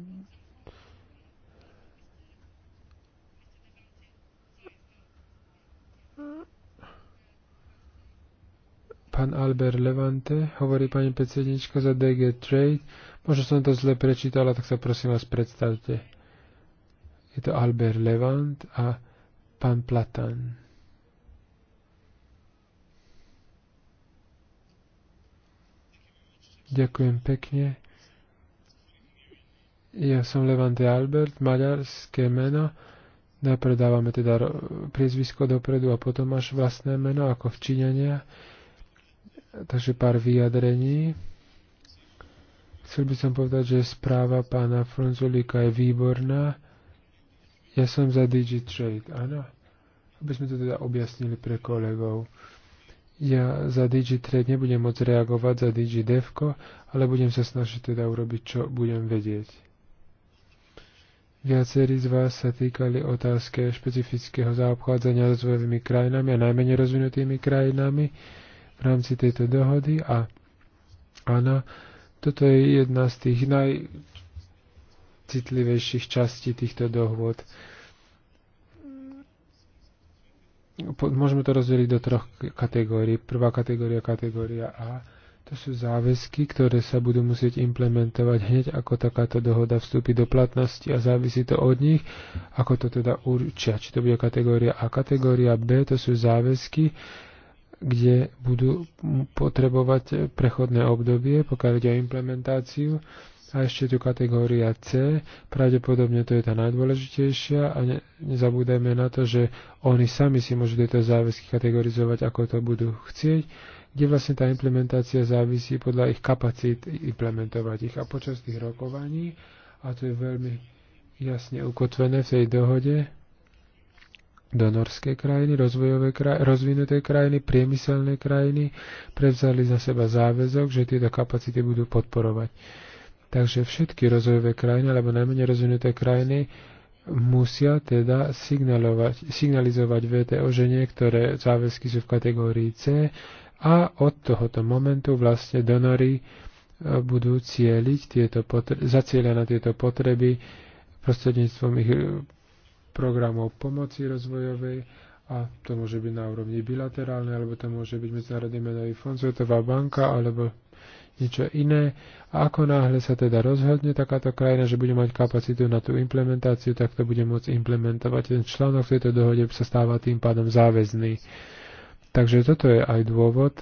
Pán Albert Levante, hovorí pani predsednička za DG Trade. Možno som to zle prečítala, tak sa prosím vás predstavte. Je to Albert Levant a pán Platan. Ďakujem pekne. Ja som Levante Albert, maďarské meno. Najprv dávame teda priezvisko dopredu a potom až vlastné meno ako Číňania. Takže pár vyjadrení. Chcel by som povedať, že správa pána Fronzulika je výborná. Ja som za DigiTrade, áno. Aby sme to teda objasnili pre kolegov ja za DigiTrade nebudem môcť reagovať za DigiDevko, ale budem sa snažiť teda urobiť, čo budem vedieť. Viacerí z vás sa týkali otázke špecifického zaobchádzania s rozvojovými krajinami a najmenej rozvinutými krajinami v rámci tejto dohody a áno, toto je jedna z tých najcitlivejších častí týchto dohôd môžeme to rozdeliť do troch kategórií. Prvá kategória, kategória A, to sú záväzky, ktoré sa budú musieť implementovať hneď, ako takáto dohoda vstúpi do platnosti a závisí to od nich, ako to teda určia, či to bude kategória A. Kategória B, to sú záväzky, kde budú potrebovať prechodné obdobie, pokiaľ ide o implementáciu a ešte tu kategória C. Pravdepodobne to je tá najdôležitejšia a ne, nezabúdajme na to, že oni sami si môžu tieto záväzky kategorizovať, ako to budú chcieť, kde vlastne tá implementácia závisí podľa ich kapacít implementovať ich. A počas tých rokovaní, a to je veľmi jasne ukotvené v tej dohode, donorské krajiny, rozvojové kraj, rozvinuté krajiny, priemyselné krajiny prevzali za seba záväzok, že tieto kapacity budú podporovať. Takže všetky rozvojové krajiny, alebo najmenej rozvinuté krajiny, musia teda signalizovať VTO, že niektoré záväzky sú v kategórii C a od tohoto momentu vlastne donory e, budú cieliť tieto potre- na tieto potreby prostredníctvom ich e, programov pomoci rozvojovej a to môže byť na úrovni bilaterálnej, alebo to môže byť Medzinárodný menový fond, Svetová banka, alebo niečo iné. A ako náhle sa teda rozhodne takáto krajina, že bude mať kapacitu na tú implementáciu, tak to bude môcť implementovať. Ten článok v tejto dohode sa stáva tým pádom záväzný. Takže toto je aj dôvod,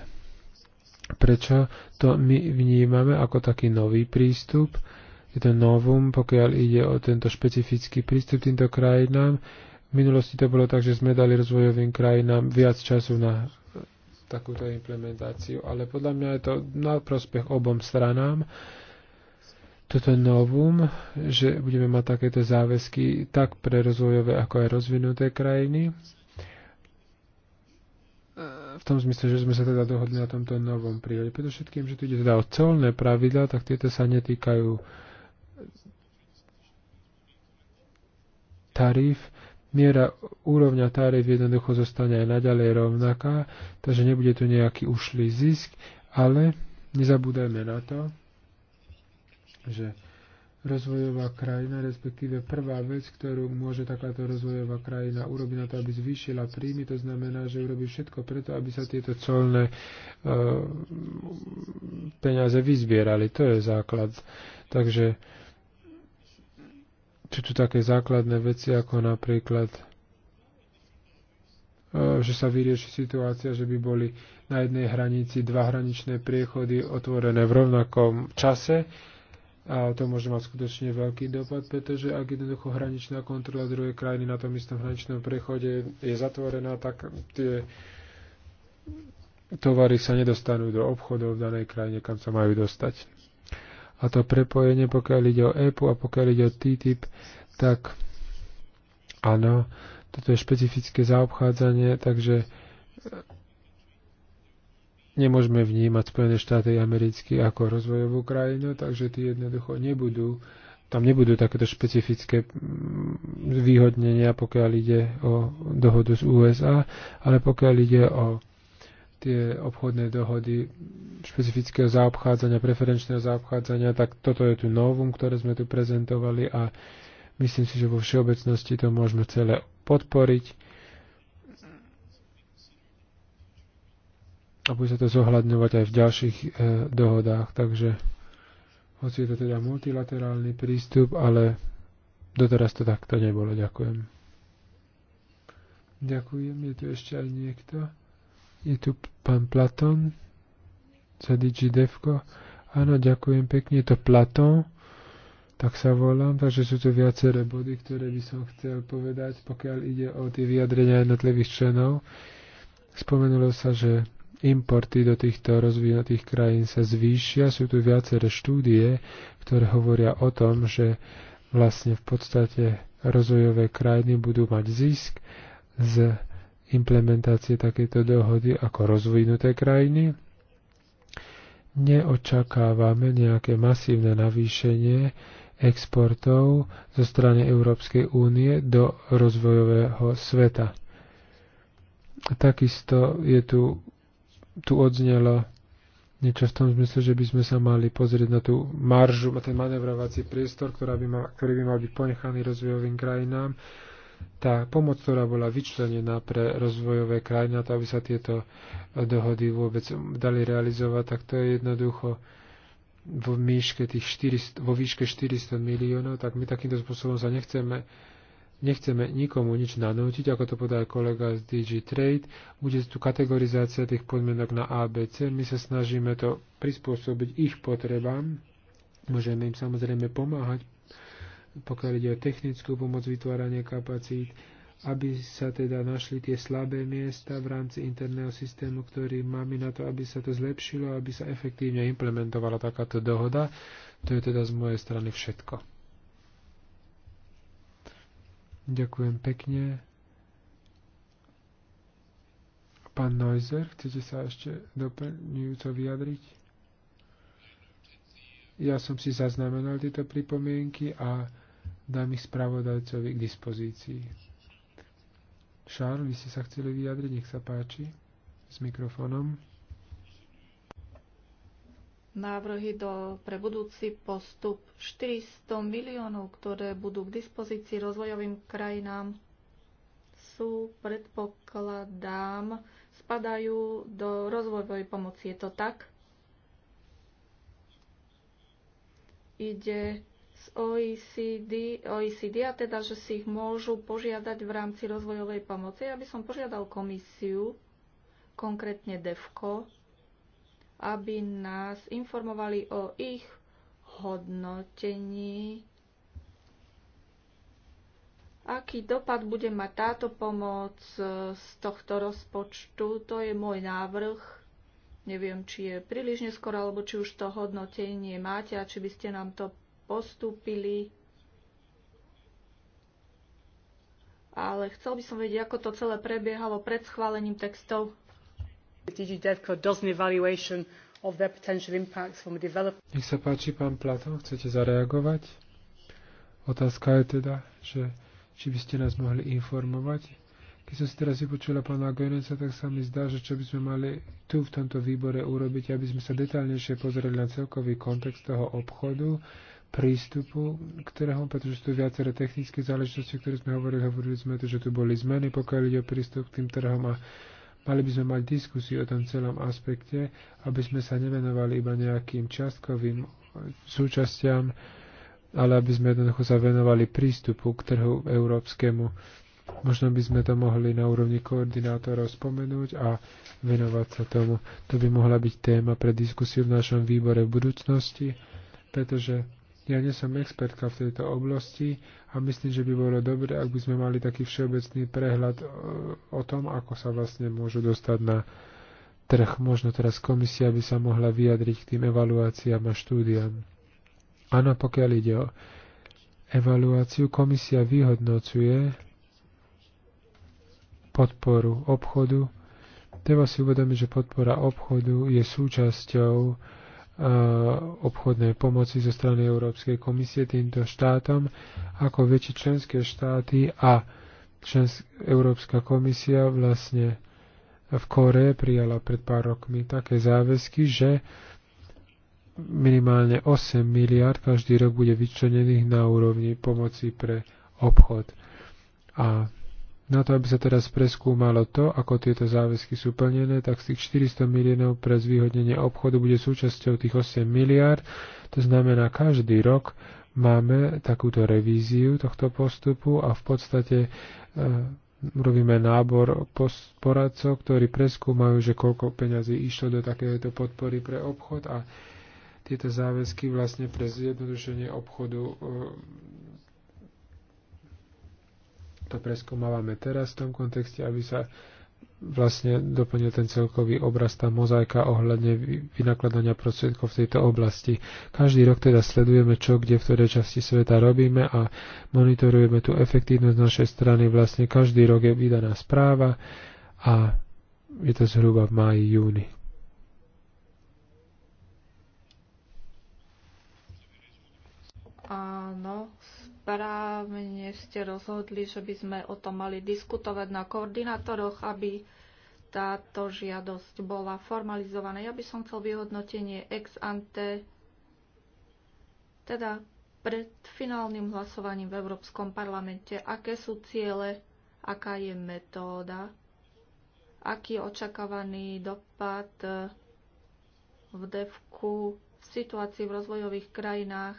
prečo to my vnímame ako taký nový prístup. Je to novum, pokiaľ ide o tento špecifický prístup týmto krajinám. V minulosti to bolo tak, že sme dali rozvojovým krajinám viac času na takúto implementáciu, ale podľa mňa je to na prospech obom stranám toto novum, že budeme mať takéto záväzky tak pre rozvojové, ako aj rozvinuté krajiny. V tom zmysle, že sme sa teda dohodli na tomto novom príhode. Preto všetkým, že tu ide teda o celné pravidla, tak tieto sa netýkajú tarif, miera úrovňa tarif jednoducho zostane aj naďalej rovnaká, takže nebude tu nejaký ušlý zisk, ale nezabúdajme na to, že rozvojová krajina, respektíve prvá vec, ktorú môže takáto rozvojová krajina urobiť na to, aby zvýšila príjmy, to znamená, že urobí všetko preto, aby sa tieto colné uh, e, peniaze vyzbierali. To je základ. Takže sú tu také základné veci, ako napríklad, e, že sa vyrieši situácia, že by boli na jednej hranici dva hraničné priechody otvorené v rovnakom čase. A to môže mať skutočne veľký dopad, pretože ak jednoducho hraničná kontrola druhej krajiny na tom istom hraničnom prechode je zatvorená, tak tie tovary sa nedostanú do obchodov v danej krajine, kam sa majú dostať a to prepojenie, pokiaľ ide o EPU a pokiaľ ide o TTIP, tak áno, toto je špecifické zaobchádzanie, takže e, nemôžeme vnímať Spojené štáty americké ako rozvojovú krajinu, takže tie jednoducho nebudú, tam nebudú takéto špecifické mm, výhodnenia, pokiaľ ide o dohodu z USA, ale pokiaľ ide o tie obchodné dohody špecifického zaobchádzania, preferenčného zaobchádzania, tak toto je tu novum, ktoré sme tu prezentovali a myslím si, že vo všeobecnosti to môžeme celé podporiť. a bude sa to zohľadňovať aj v ďalších e, dohodách. Takže hoci je to teda multilaterálny prístup, ale doteraz to takto nebolo. Ďakujem. Ďakujem. Je tu ešte aj niekto? Je tu pán Platon za Devko. Áno, ďakujem pekne. Je to Platon. Tak sa volám, takže sú tu viaceré body, ktoré by som chcel povedať, pokiaľ ide o tie vyjadrenia jednotlivých členov. Spomenulo sa, že importy do týchto rozvinutých krajín sa zvýšia. Sú tu viaceré štúdie, ktoré hovoria o tom, že vlastne v podstate rozvojové krajiny budú mať zisk z implementácie takéto dohody ako rozvinuté krajiny. Neočakávame nejaké masívne navýšenie exportov zo strany Európskej únie do rozvojového sveta. Takisto je tu, tu odznelo niečo v tom zmysle, že by sme sa mali pozrieť na tú maržu, na ten manevrovací priestor, ktorá by mal, ktorý by mal byť ponechaný rozvojovým krajinám tá pomoc, ktorá bola vyčlenená pre rozvojové krajiny, na to, aby sa tieto dohody vôbec dali realizovať, tak to je jednoducho vo, míške tých 400, vo výške 400 miliónov, tak my takýmto spôsobom sa nechceme nechceme nikomu nič nanútiť, ako to podá kolega z DG Trade. Bude tu kategorizácia tých podmienok na ABC. My sa snažíme to prispôsobiť ich potrebám. Môžeme im samozrejme pomáhať pokiaľ ide o technickú pomoc vytvárania kapacít, aby sa teda našli tie slabé miesta v rámci interného systému, ktorý máme na to, aby sa to zlepšilo, aby sa efektívne implementovala takáto dohoda. To je teda z mojej strany všetko. Ďakujem pekne. Pán Neuser, chcete sa ešte doplňujúco vyjadriť? Ja som si zaznamenal tieto pripomienky a dám ich spravodajcovi k dispozícii. Charles, vy ste sa chceli vyjadriť, nech sa páči, s mikrofónom. Návrhy do, pre budúci postup 400 miliónov, ktoré budú k dispozícii rozvojovým krajinám, sú, predpokladám, spadajú do rozvojovej pomoci. Je to tak? Ide z OECD, OECD a teda, že si ich môžu požiadať v rámci rozvojovej pomoci. Ja by som požiadal komisiu, konkrétne DEFCO, aby nás informovali o ich hodnotení, aký dopad bude mať táto pomoc e, z tohto rozpočtu. To je môj návrh. Neviem, či je príliš neskoro, alebo či už to hodnotenie máte a či by ste nám to postúpili. Ale chcel by som vedieť, ako to celé prebiehalo pred schválením textov. Nech sa páči, pán Platon, chcete zareagovať? Otázka je teda, že či by ste nás mohli informovať. Keď som si teraz vypočula pána Gojenca, tak sa mi zdá, že čo by sme mali tu v tomto výbore urobiť, aby sme sa detálnejšie pozreli na celkový kontext toho obchodu, prístupu k trhom, pretože sú tu viaceré technické záležitosti, ktoré sme hovorili. Hovorili sme to, že tu boli zmeny, pokiaľ ide o prístup k tým trhom a mali by sme mať diskusiu o tom celom aspekte, aby sme sa nevenovali iba nejakým čiastkovým súčasťam, ale aby sme jednoducho sa venovali prístupu k trhu európskemu. Možno by sme to mohli na úrovni koordinátorov spomenúť a venovať sa tomu. To by mohla byť téma pre diskusiu v našom výbore v budúcnosti, pretože ja nie som expertka v tejto oblasti a myslím, že by bolo dobre, ak by sme mali taký všeobecný prehľad o tom, ako sa vlastne môžu dostať na trh. Možno teraz komisia by sa mohla vyjadriť k tým evaluáciám a štúdiám. Áno, pokiaľ ide o evaluáciu, komisia vyhodnocuje podporu obchodu. Treba si uvedomiť, že podpora obchodu je súčasťou obchodnej pomoci zo strany Európskej komisie týmto štátom, ako väčšie členské štáty a člensk- Európska komisia vlastne v Kore prijala pred pár rokmi také záväzky, že minimálne 8 miliard každý rok bude vyčlenených na úrovni pomoci pre obchod. A na to, aby sa teraz preskúmalo to, ako tieto záväzky sú plnené, tak z tých 400 miliónov pre zvýhodnenie obchodu bude súčasťou tých 8 miliárd. To znamená, každý rok máme takúto revíziu tohto postupu a v podstate e, robíme nábor poradcov, ktorí preskúmajú, že koľko peňazí išlo do takéto podpory pre obchod a tieto záväzky vlastne pre zjednodušenie obchodu e, to preskúmavame teraz v tom kontexte, aby sa vlastne doplnil ten celkový obraz, tá mozaika ohľadne vynakladania prostriedkov v tejto oblasti. Každý rok teda sledujeme, čo kde v ktorej časti sveta robíme a monitorujeme tú efektívnosť našej strany. Vlastne každý rok je vydaná správa a je to zhruba v máji, júni. správne ste rozhodli, že by sme o tom mali diskutovať na koordinátoroch, aby táto žiadosť bola formalizovaná. Ja by som chcel vyhodnotenie ex ante, teda pred finálnym hlasovaním v Európskom parlamente, aké sú ciele, aká je metóda, aký je očakávaný dopad eh, v devku v situácii v rozvojových krajinách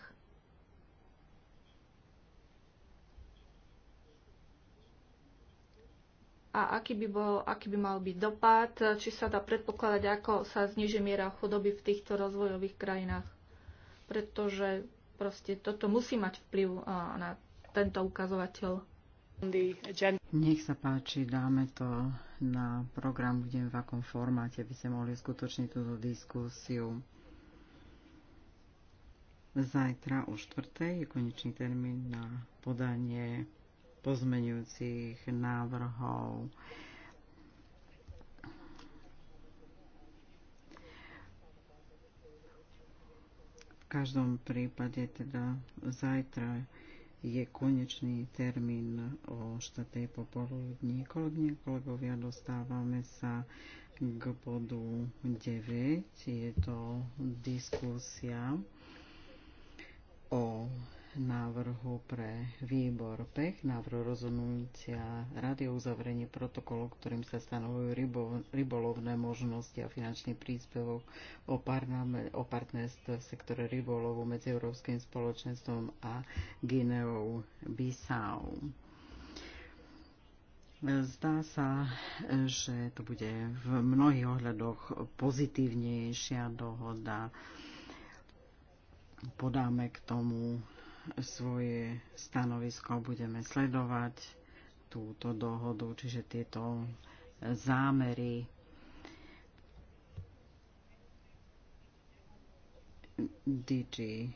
a aký by, bol, aký by mal byť dopad, či sa dá predpokladať, ako sa zniží miera chudoby v týchto rozvojových krajinách. Pretože proste toto musí mať vplyv na tento ukazovateľ. Nech sa páči, dáme to na program, budem v akom formáte by ste mohli skutočniť túto diskusiu. Zajtra o štvrtej je konečný termín na podanie pozmenujúcich návrhov. V každom prípade teda zajtra je konečný termín o 4. popoludní. Kolegyne, kolegovia, dostávame sa k bodu 9. Je to diskusia o návrhu pre výbor PECH, návrhu rozhodnutia Rady o uzavrení protokolu, ktorým sa stanovujú rybo, rybolovné možnosti a finančný príspevok o, parname, o partnerstve v sektore rybolovu medzi Európskym spoločenstvom a Gineou Bissau. Zdá sa, že to bude v mnohých ohľadoch pozitívnejšia dohoda podáme k tomu svoje stanovisko, budeme sledovať túto dohodu, čiže tieto zámery. DG eh,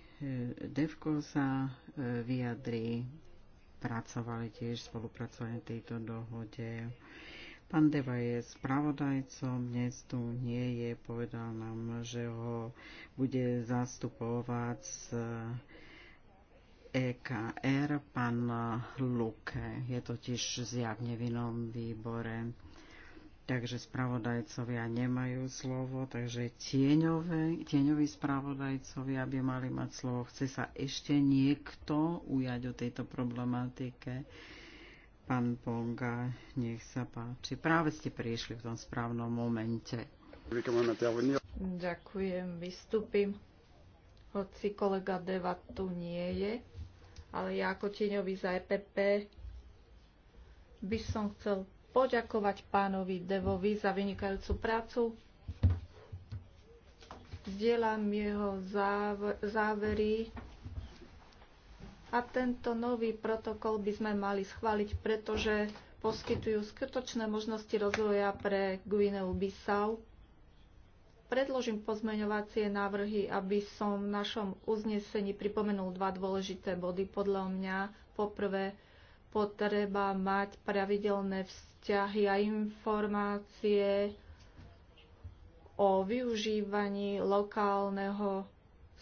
Devko sa eh, vyjadri, pracovali tiež, spolupracovali na tejto dohode. Pán Deva je spravodajcom, dnes tu nie je, povedal nám, že ho bude zastupovať z EKR, pán Luke. Je totiž zjavne v inom výbore. Takže spravodajcovia nemajú slovo, takže tieňové, tieňoví spravodajcovia by mali mať slovo. Chce sa ešte niekto ujať o tejto problematike? Pán Ponga, nech sa páči. Práve ste prišli v tom správnom momente. Ďakujem, vystúpim. Hoci kolega Deva tu nie je, ale ja ako tieňový za EPP by som chcel poďakovať pánovi Devovi za vynikajúcu prácu. Zdieľam jeho závery a tento nový protokol by sme mali schváliť, pretože poskytujú skutočné možnosti rozvoja pre Guineu Bissau Predložím pozmeňovacie návrhy, aby som v našom uznesení pripomenul dva dôležité body. Podľa mňa poprvé potreba mať pravidelné vzťahy a informácie o využívaní lokálneho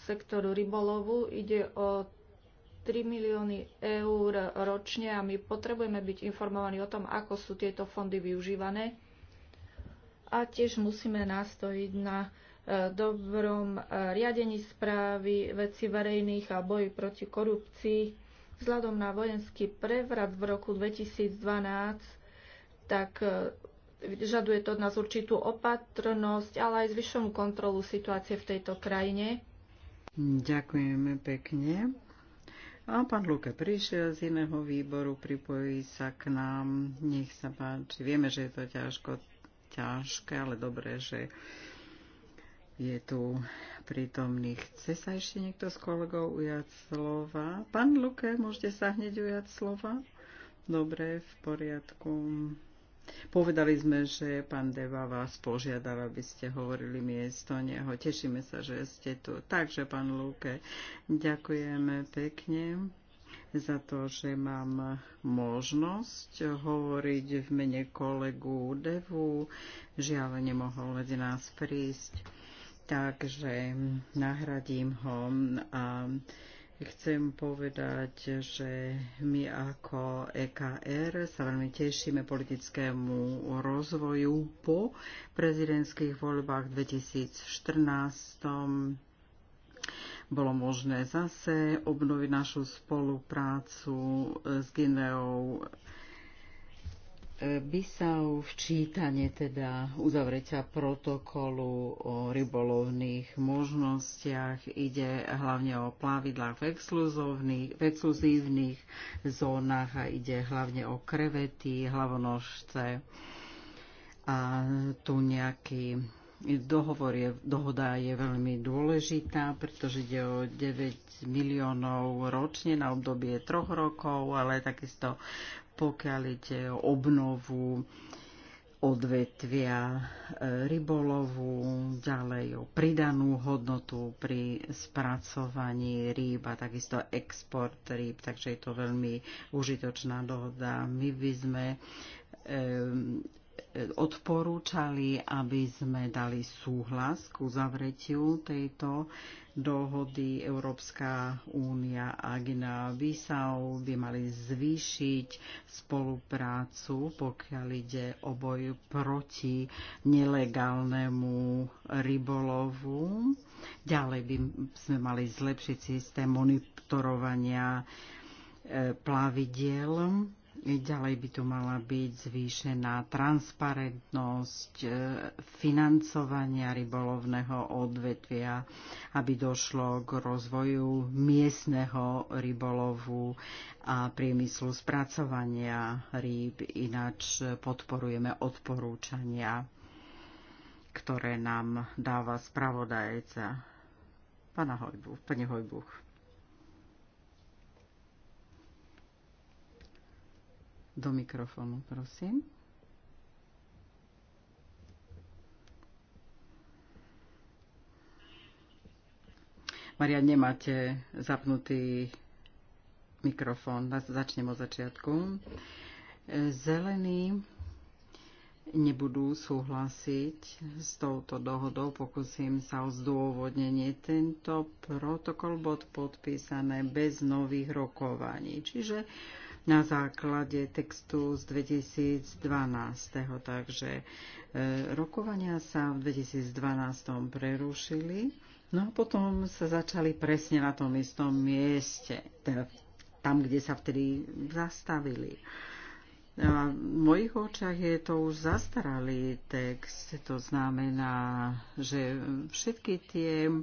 sektoru rybolovu. Ide o 3 milióny eur ročne a my potrebujeme byť informovaní o tom, ako sú tieto fondy využívané a tiež musíme nastojiť na e, dobrom e, riadení správy veci verejných a boji proti korupcii. Vzhľadom na vojenský prevrat v roku 2012, tak e, žaduje to od nás určitú opatrnosť, ale aj zvyšenú kontrolu situácie v tejto krajine. Ďakujeme pekne. A pán Luke prišiel z iného výboru, pripojí sa k nám. Nech sa páči. Vieme, že je to ťažko ťažké, ale dobré, že je tu prítomný. Chce sa ešte niekto z kolegov ujať slova? Pán Luke, môžete sa hneď ujať slova? Dobre, v poriadku. Povedali sme, že pán Deva vás požiadal, aby ste hovorili miesto neho. Tešíme sa, že ste tu. Takže, pán Luke, ďakujeme pekne za to, že mám možnosť hovoriť v mene kolegu Devu. Žiaľ, nemohol medzi nás prísť, takže nahradím ho a chcem povedať, že my ako EKR sa veľmi tešíme politickému rozvoju po prezidentských voľbách 2014 bolo možné zase obnoviť našu spoluprácu eh, s Gineou. Eh, Bisau včítanie teda uzavretia protokolu o rybolovných možnostiach ide hlavne o plavidlách v, v exkluzívnych zónach a ide hlavne o krevety, hlavonožce a tu nejaký Dohovor je, dohoda je veľmi dôležitá, pretože ide o 9 miliónov ročne na obdobie troch rokov, ale takisto pokiaľ ide o obnovu odvetvia e, rybolovu, ďalej o pridanú hodnotu pri spracovaní rýb a takisto export rýb, takže je to veľmi užitočná dohoda. My by sme e, odporúčali, aby sme dali súhlas k uzavretiu tejto dohody. Európska únia a Gina Bissau by mali zvýšiť spoluprácu, pokiaľ ide o boj proti nelegálnemu rybolovu. Ďalej by sme mali zlepšiť systém monitorovania eh, plavidiel Ďalej by tu mala byť zvýšená transparentnosť e, financovania rybolovného odvetvia, aby došlo k rozvoju miestneho rybolovu a priemyslu spracovania rýb. Ináč podporujeme odporúčania, ktoré nám dáva spravodajca. Pana Hojbuch, pani Hojbuch. do mikrofónu, prosím. Maria, nemáte zapnutý mikrofón. Začnem od začiatku. Zelení nebudú súhlasiť s touto dohodou. Pokúsim sa o zdôvodnenie. Tento protokol bod podpísané bez nových rokovaní. Čiže na základe textu z 2012. Takže e, rokovania sa v 2012 prerušili, no a potom sa začali presne na tom istom mieste, teda tam, kde sa vtedy zastavili. A v mojich očiach je to už zastaralý text, to znamená, že všetky tie uh,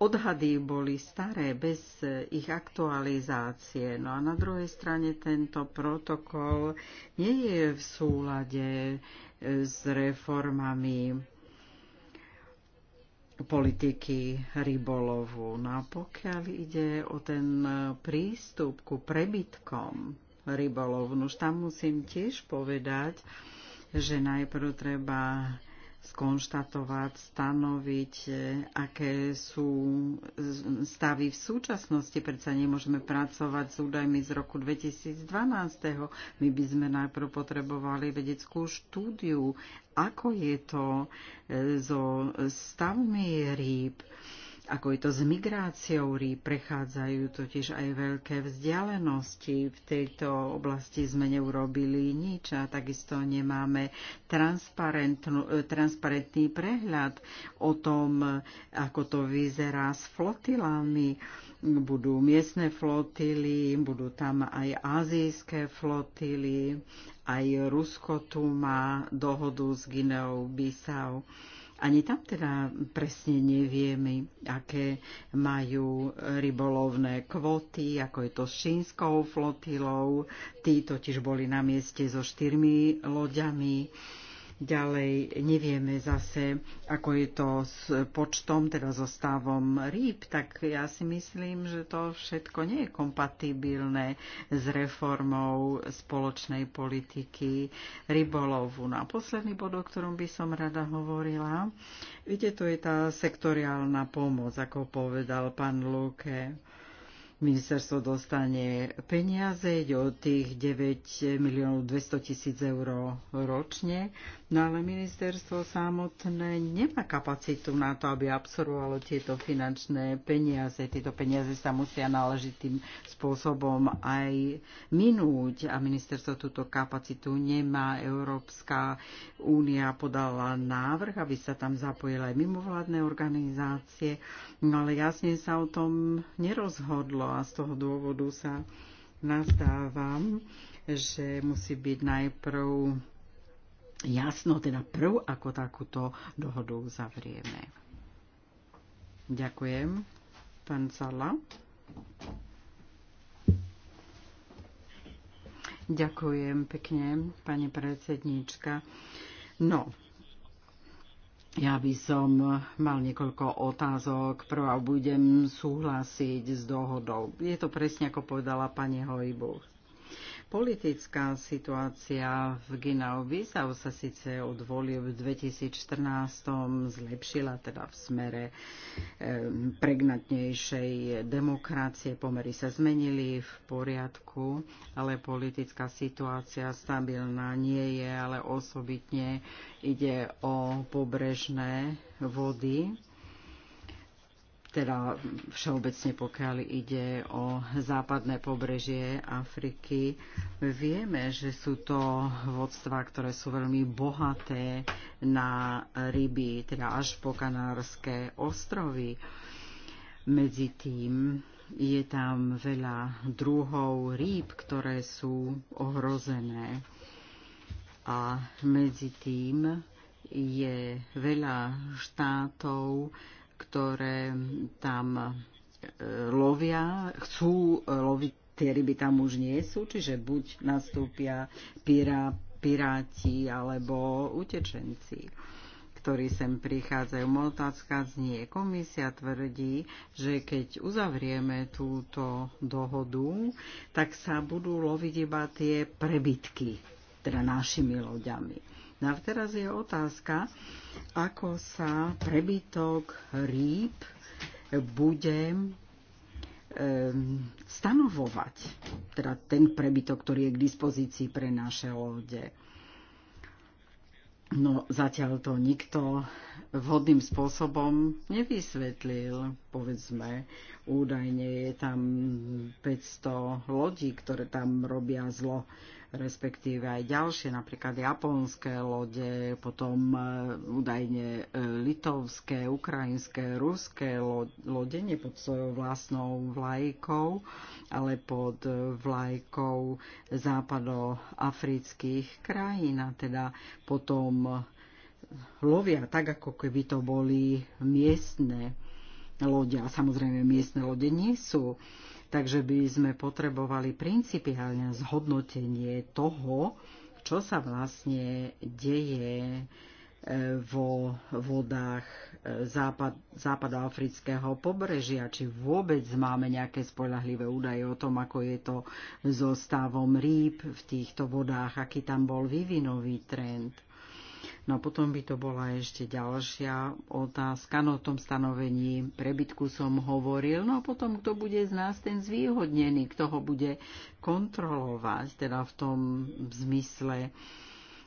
Odhady boli staré bez eh, ich aktualizácie. No a na druhej strane tento protokol nie je v súlade eh, s reformami politiky rybolovu. No a pokiaľ ide o ten eh, prístup ku prebytkom rybolovu, už tam musím tiež povedať, že najprv treba skonštatovať, stanoviť, e, aké sú stavy v súčasnosti. Predsa nemôžeme pracovať s údajmi z roku 2012. My by sme najprv potrebovali vedeckú štúdiu, ako je to e, so stavmi rýb ako je to s migráciou rýb, prechádzajú totiž aj veľké vzdialenosti. V tejto oblasti sme neurobili nič a takisto nemáme e, transparentný prehľad o tom, e, ako to vyzerá s flotilami. Budú miestne flotily, budú tam aj azijské flotily, aj Rusko tu má dohodu s Gineou Bissau. Ani tam teda presne nevieme, aké majú rybolovné kvóty, ako je to s čínskou flotilou. Tí totiž boli na mieste so štyrmi loďami Ďalej nevieme zase, ako je to s počtom, teda so stavom rýb, tak ja si myslím, že to všetko nie je kompatibilné s reformou spoločnej politiky rybolovu. No a posledný bod, o ktorom by som rada hovorila, viete, to je tá sektoriálna pomoc, ako povedal pán Luke Ministerstvo dostane peniaze, ide o tých 9 miliónov 200 tisíc eur ročne, no ale ministerstvo samotné nemá kapacitu na to, aby absorbovalo tieto finančné peniaze. Tieto peniaze sa musia náležitým spôsobom aj minúť a ministerstvo túto kapacitu nemá. Európska únia podala návrh, aby sa tam zapojila aj mimovládne organizácie, no ale jasne sa o tom nerozhodlo stalo no a z toho dôvodu sa nazdávam, že musí byť najprv jasno, teda prv, ako takúto dohodu uzavrieme. Ďakujem. Pán Sala. Ďakujem pekne, pani predsednička. No, ja by som mal niekoľko otázok. Prvá budem súhlasiť s dohodou. Je to presne ako povedala pani Hojbuch politická situácia v Ginau-Bissau sa síce od volie v 2014 zlepšila teda v smere pregnatnejšej demokracie, pomery sa zmenili v poriadku, ale politická situácia stabilná nie je, ale osobitne ide o pobrežné vody teda všeobecne pokiaľ ide o západné pobrežie Afriky. Vieme, že sú to vodstva, ktoré sú veľmi bohaté na ryby, teda až po Kanárske ostrovy. Medzi tým je tam veľa druhov rýb, ktoré sú ohrozené. A medzi tým je veľa štátov, ktoré tam e, lovia, chcú e, loviť, tie ryby tam už nie sú, čiže buď nastúpia pirá, piráti alebo utečenci ktorí sem prichádzajú. Moja znie. Komisia tvrdí, že keď uzavrieme túto dohodu, tak sa budú loviť iba tie prebytky, teda našimi loďami. No a teraz je otázka, ako sa prebytok rýb bude stanovovať, teda ten prebytok, ktorý je k dispozícii pre naše lode. No zatiaľ to nikto vhodným spôsobom nevysvetlil. Povedzme, údajne je tam 500 lodí, ktoré tam robia zlo respektíve aj ďalšie, napríklad japonské lode, potom e, údajne e, litovské, ukrajinské, ruské lode, nie pod svojou vlastnou vlajkou, ale pod e, vlajkou západoafrických krajín a teda potom lovia tak, ako keby to boli miestne lode. A samozrejme, miestne lode nie sú Takže by sme potrebovali principiálne zhodnotenie toho, čo sa vlastne deje e, vo vodách e, západ, západoafrického pobrežia, či vôbec máme nejaké spoľahlivé údaje o tom, ako je to so stavom rýb v týchto vodách, aký tam bol vývinový trend. No a potom by to bola ešte ďalšia otázka. No o tom stanovení prebytku som hovoril. No a potom, kto bude z nás ten zvýhodnený, kto ho bude kontrolovať, teda v tom zmysle,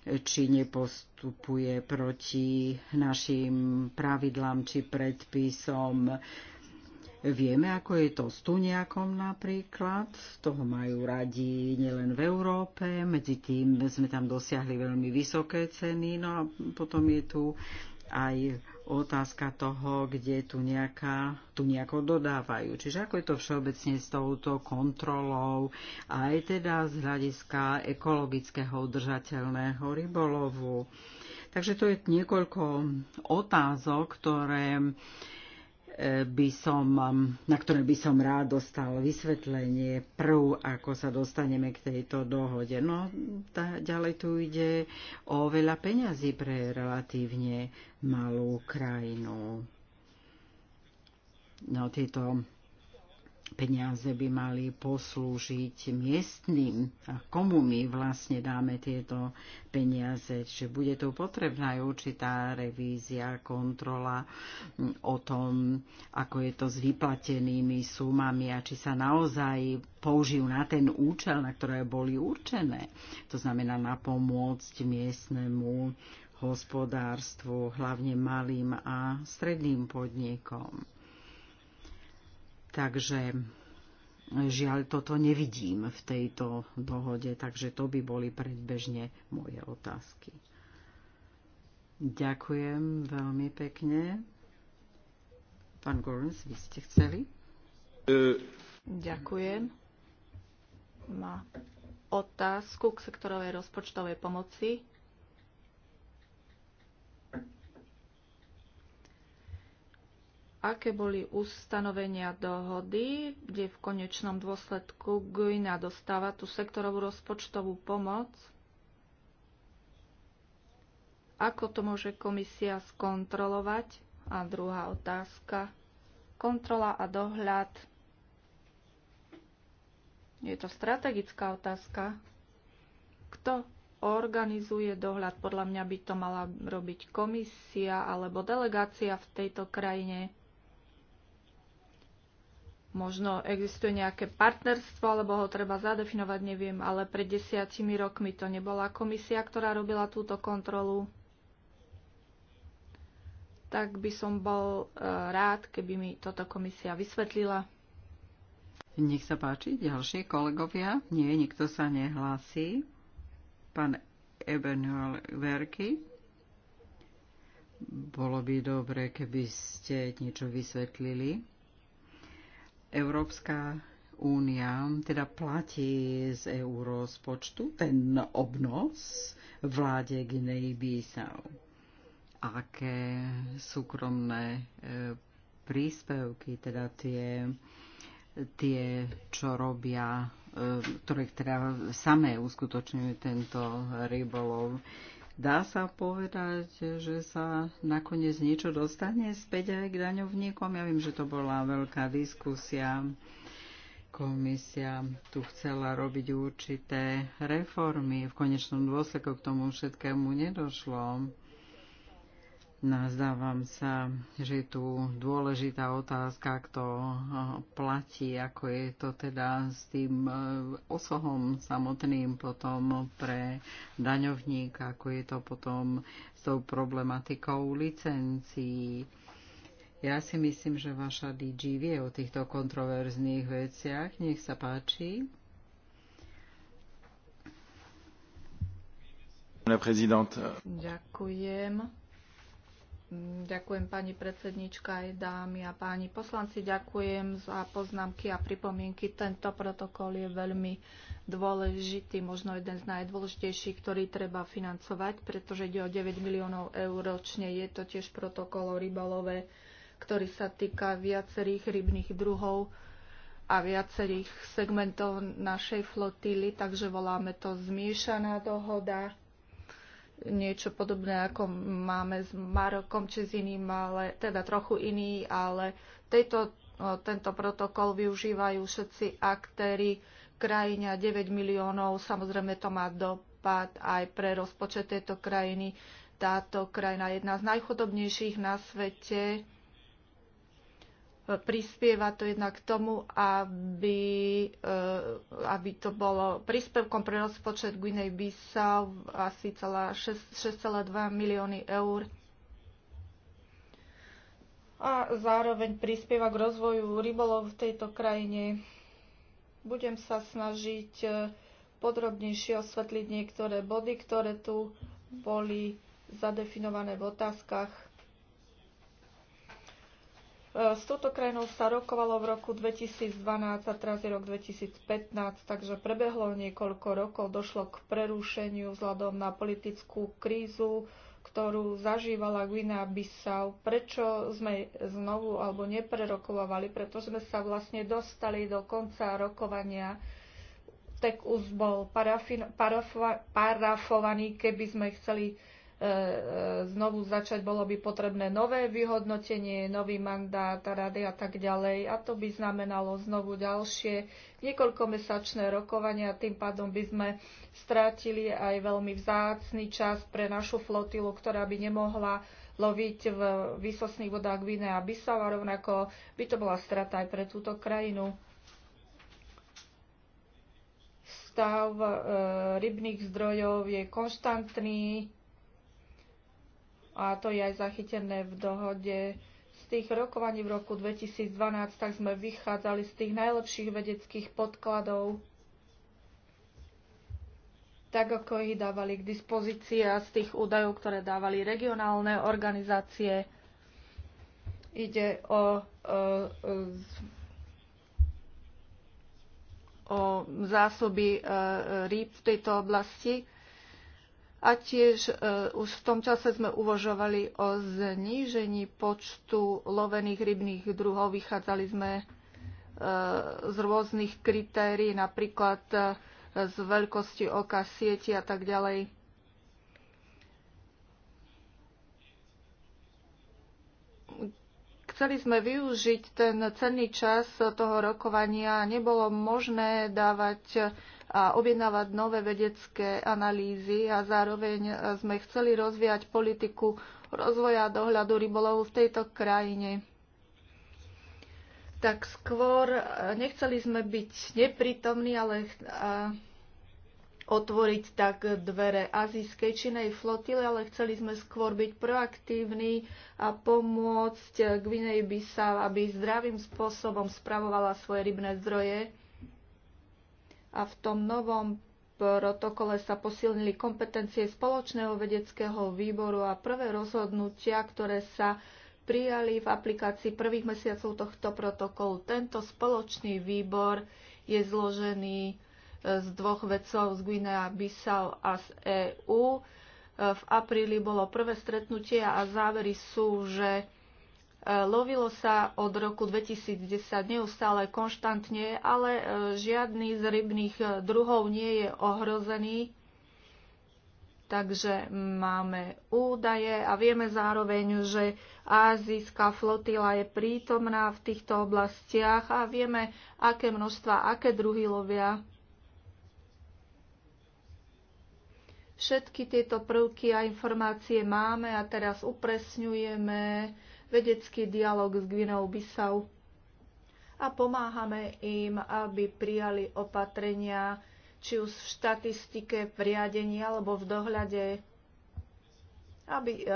či nepostupuje proti našim pravidlám či predpisom Vieme, ako je to s tuniakom napríklad, toho majú radi nielen v Európe, medzi tým sme tam dosiahli veľmi vysoké ceny, no a potom je tu aj otázka toho, kde tu, nejaká, tu nejako dodávajú. Čiže ako je to všeobecne s touto kontrolou, aj teda z hľadiska ekologického udržateľného rybolovu. Takže to je niekoľko otázok, ktoré by som, um, na ktoré by som rád dostal vysvetlenie prv, ako sa dostaneme k tejto dohode. No tá, ďalej tu ide o veľa peňazí pre relatívne malú krajinu. No tieto peniaze by mali poslúžiť miestným a komu my vlastne dáme tieto peniaze. Čiže bude tu potrebná aj určitá revízia, kontrola o tom, ako je to s vyplatenými sumami a či sa naozaj použijú na ten účel, na ktoré boli určené. To znamená na napomôcť miestnemu hospodárstvu, hlavne malým a stredným podnikom Takže žiaľ, toto nevidím v tejto dohode, takže to by boli predbežne moje otázky. Ďakujem veľmi pekne. Pán Gorns, vy ste chceli? Ďakujem. Má otázku k sektorovej rozpočtovej pomoci. aké boli ustanovenia dohody, kde v konečnom dôsledku Guina dostáva tú sektorovú rozpočtovú pomoc. Ako to môže komisia skontrolovať? A druhá otázka. Kontrola a dohľad. Je to strategická otázka. Kto organizuje dohľad? Podľa mňa by to mala robiť komisia alebo delegácia v tejto krajine Možno existuje nejaké partnerstvo, alebo ho treba zadefinovať, neviem, ale pred desiatimi rokmi to nebola komisia, ktorá robila túto kontrolu. Tak by som bol e, rád, keby mi toto komisia vysvetlila. Nech sa páči, ďalšie kolegovia. Nie, nikto sa nehlási. Pán Ebenuel Verky. Bolo by dobre, keby ste niečo vysvetlili Európska únia teda platí z EU rozpočtu ten obnos vláde Ginej Bissau. Aké súkromné e, príspevky, teda tie, tie čo robia, e, ktoré teda samé uskutočňujú tento rybolov. Dá sa povedať, že sa nakoniec niečo dostane späť aj k daňovníkom? Ja viem, že to bola veľká diskusia. Komisia tu chcela robiť určité reformy. V konečnom dôsledku k tomu všetkému nedošlo Nazdávam sa, že je tu dôležitá otázka, kto eh, platí, ako je to teda s tým eh, osohom samotným potom pre daňovníka, ako je to potom s tou problematikou licencií. Ja si myslím, že vaša DG vie o týchto kontroverzných veciach. Nech sa páči. Ďakujem Mm, ďakujem pani predsednička aj dámy a páni poslanci. Ďakujem za poznámky a pripomienky. Tento protokol je veľmi dôležitý, možno jeden z najdôležitejších, ktorý treba financovať, pretože ide o 9 miliónov eur ročne. Je to tiež protokol o rybalove, ktorý sa týka viacerých rybných druhov a viacerých segmentov našej flotily, takže voláme to zmiešaná dohoda niečo podobné, ako máme s Marokom či s iným, ale teda trochu iný, ale tejto, tento protokol využívajú všetci aktéry krajina 9 miliónov. Samozrejme to má dopad aj pre rozpočet tejto krajiny. Táto krajina je jedna z najchudobnejších na svete prispieva to jednak k tomu, aby, eh, aby to bolo príspevkom pre rozpočet Guinej Bissau asi 6,2 milióny eur a zároveň prispieva k rozvoju rybolov v tejto krajine. Budem sa snažiť eh, podrobnejšie osvetliť niektoré body, ktoré tu boli zadefinované v otázkach E, s touto krajinou sa rokovalo v roku 2012 a teraz je rok 2015, takže prebehlo niekoľko rokov, došlo k prerušeniu vzhľadom na politickú krízu, ktorú zažívala Guinea Bissau. Prečo sme znovu alebo neprerokovali? Pretože sme sa vlastne dostali do konca rokovania. Tek už bol parafin, parafo, parafovaný, keby sme chceli E, e, znovu začať, bolo by potrebné nové vyhodnotenie, nový mandát rady a tak ďalej. A to by znamenalo znovu ďalšie niekoľkomesačné rokovania. Tým pádom by sme strátili aj veľmi vzácný čas pre našu flotilu, ktorá by nemohla loviť v výsostných vodách Vine a Bissau a rovnako by to bola strata aj pre túto krajinu. Stav e, rybných zdrojov je konštantný, a to je aj zachytené v dohode z tých rokovaní v roku 2012, tak sme vychádzali z tých najlepších vedeckých podkladov, tak ako ich dávali k dispozícii a z tých údajov, ktoré dávali regionálne organizácie. Ide o, o, e, e, o zásoby e, rýb v tejto oblasti a tiež e, už v tom čase sme uvažovali o znížení počtu lovených rybných druhov. Vychádzali sme e, z rôznych kritérií, napríklad e, z veľkosti oka, sieti a tak ďalej. Chceli sme využiť ten cenný čas toho rokovania. Nebolo možné dávať a objednávať nové vedecké analýzy a zároveň sme chceli rozvíjať politiku rozvoja a dohľadu rybolovu v tejto krajine. Tak skôr e, nechceli sme byť neprítomní, ale e, otvoriť tak dvere azijskej činej flotily, ale chceli sme skôr byť proaktívni a pomôcť Gvinej Bissau, aby zdravým spôsobom spravovala svoje rybné zdroje a v tom novom protokole sa posilnili kompetencie spoločného vedeckého výboru a prvé rozhodnutia, ktoré sa prijali v aplikácii prvých mesiacov tohto protokolu. Tento spoločný výbor je zložený e, z dvoch vedcov z Guinea Bissau a z EÚ. E, v apríli bolo prvé stretnutie a závery sú, že E, lovilo sa od roku 2010 neustále konštantne, ale e, žiadny z rybných e, druhov nie je ohrozený. Takže máme údaje a vieme zároveň, že azijská flotila je prítomná v týchto oblastiach a vieme, aké množstva, aké druhy lovia. Všetky tieto prvky a informácie máme a teraz upresňujeme vedecký dialog s Gvinou Bisau a pomáhame im, aby prijali opatrenia, či už v štatistike, v riadení alebo v dohľade, aby e, e,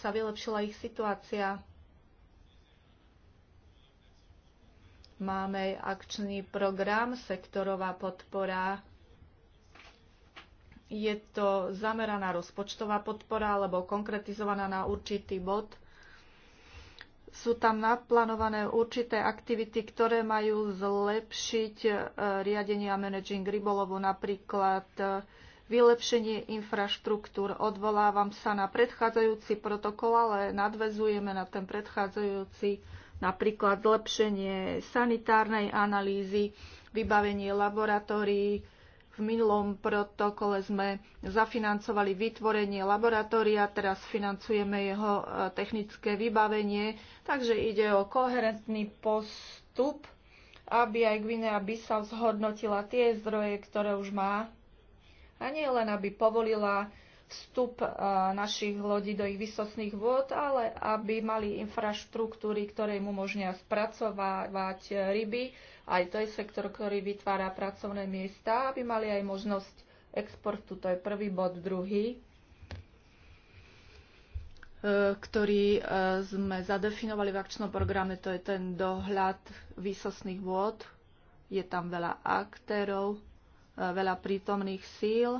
sa vylepšila ich situácia. Máme akčný program Sektorová podpora je to zameraná rozpočtová podpora alebo konkretizovaná na určitý bod. Sú tam naplánované určité aktivity, ktoré majú zlepšiť e, riadenie a managing rybolovu, napríklad e, vylepšenie infraštruktúr. Odvolávam sa na predchádzajúci protokol, ale nadvezujeme na ten predchádzajúci napríklad zlepšenie sanitárnej analýzy, vybavenie laboratórií, v minulom protokole sme zafinancovali vytvorenie laboratória, teraz financujeme jeho e, technické vybavenie, takže ide o koherentný postup, aby aj Gvinea Bissau zhodnotila tie zdroje, ktoré už má a nie len aby povolila vstup e, našich lodí do ich vysosných vôd, ale aby mali infraštruktúry, ktoré im umožnia spracovávať e, ryby, aj to je sektor, ktorý vytvára pracovné miesta, aby mali aj možnosť exportu. To je prvý bod. Druhý, e, ktorý e, sme zadefinovali v akčnom programe, to je ten dohľad výsostných vôd. Je tam veľa aktérov, e, veľa prítomných síl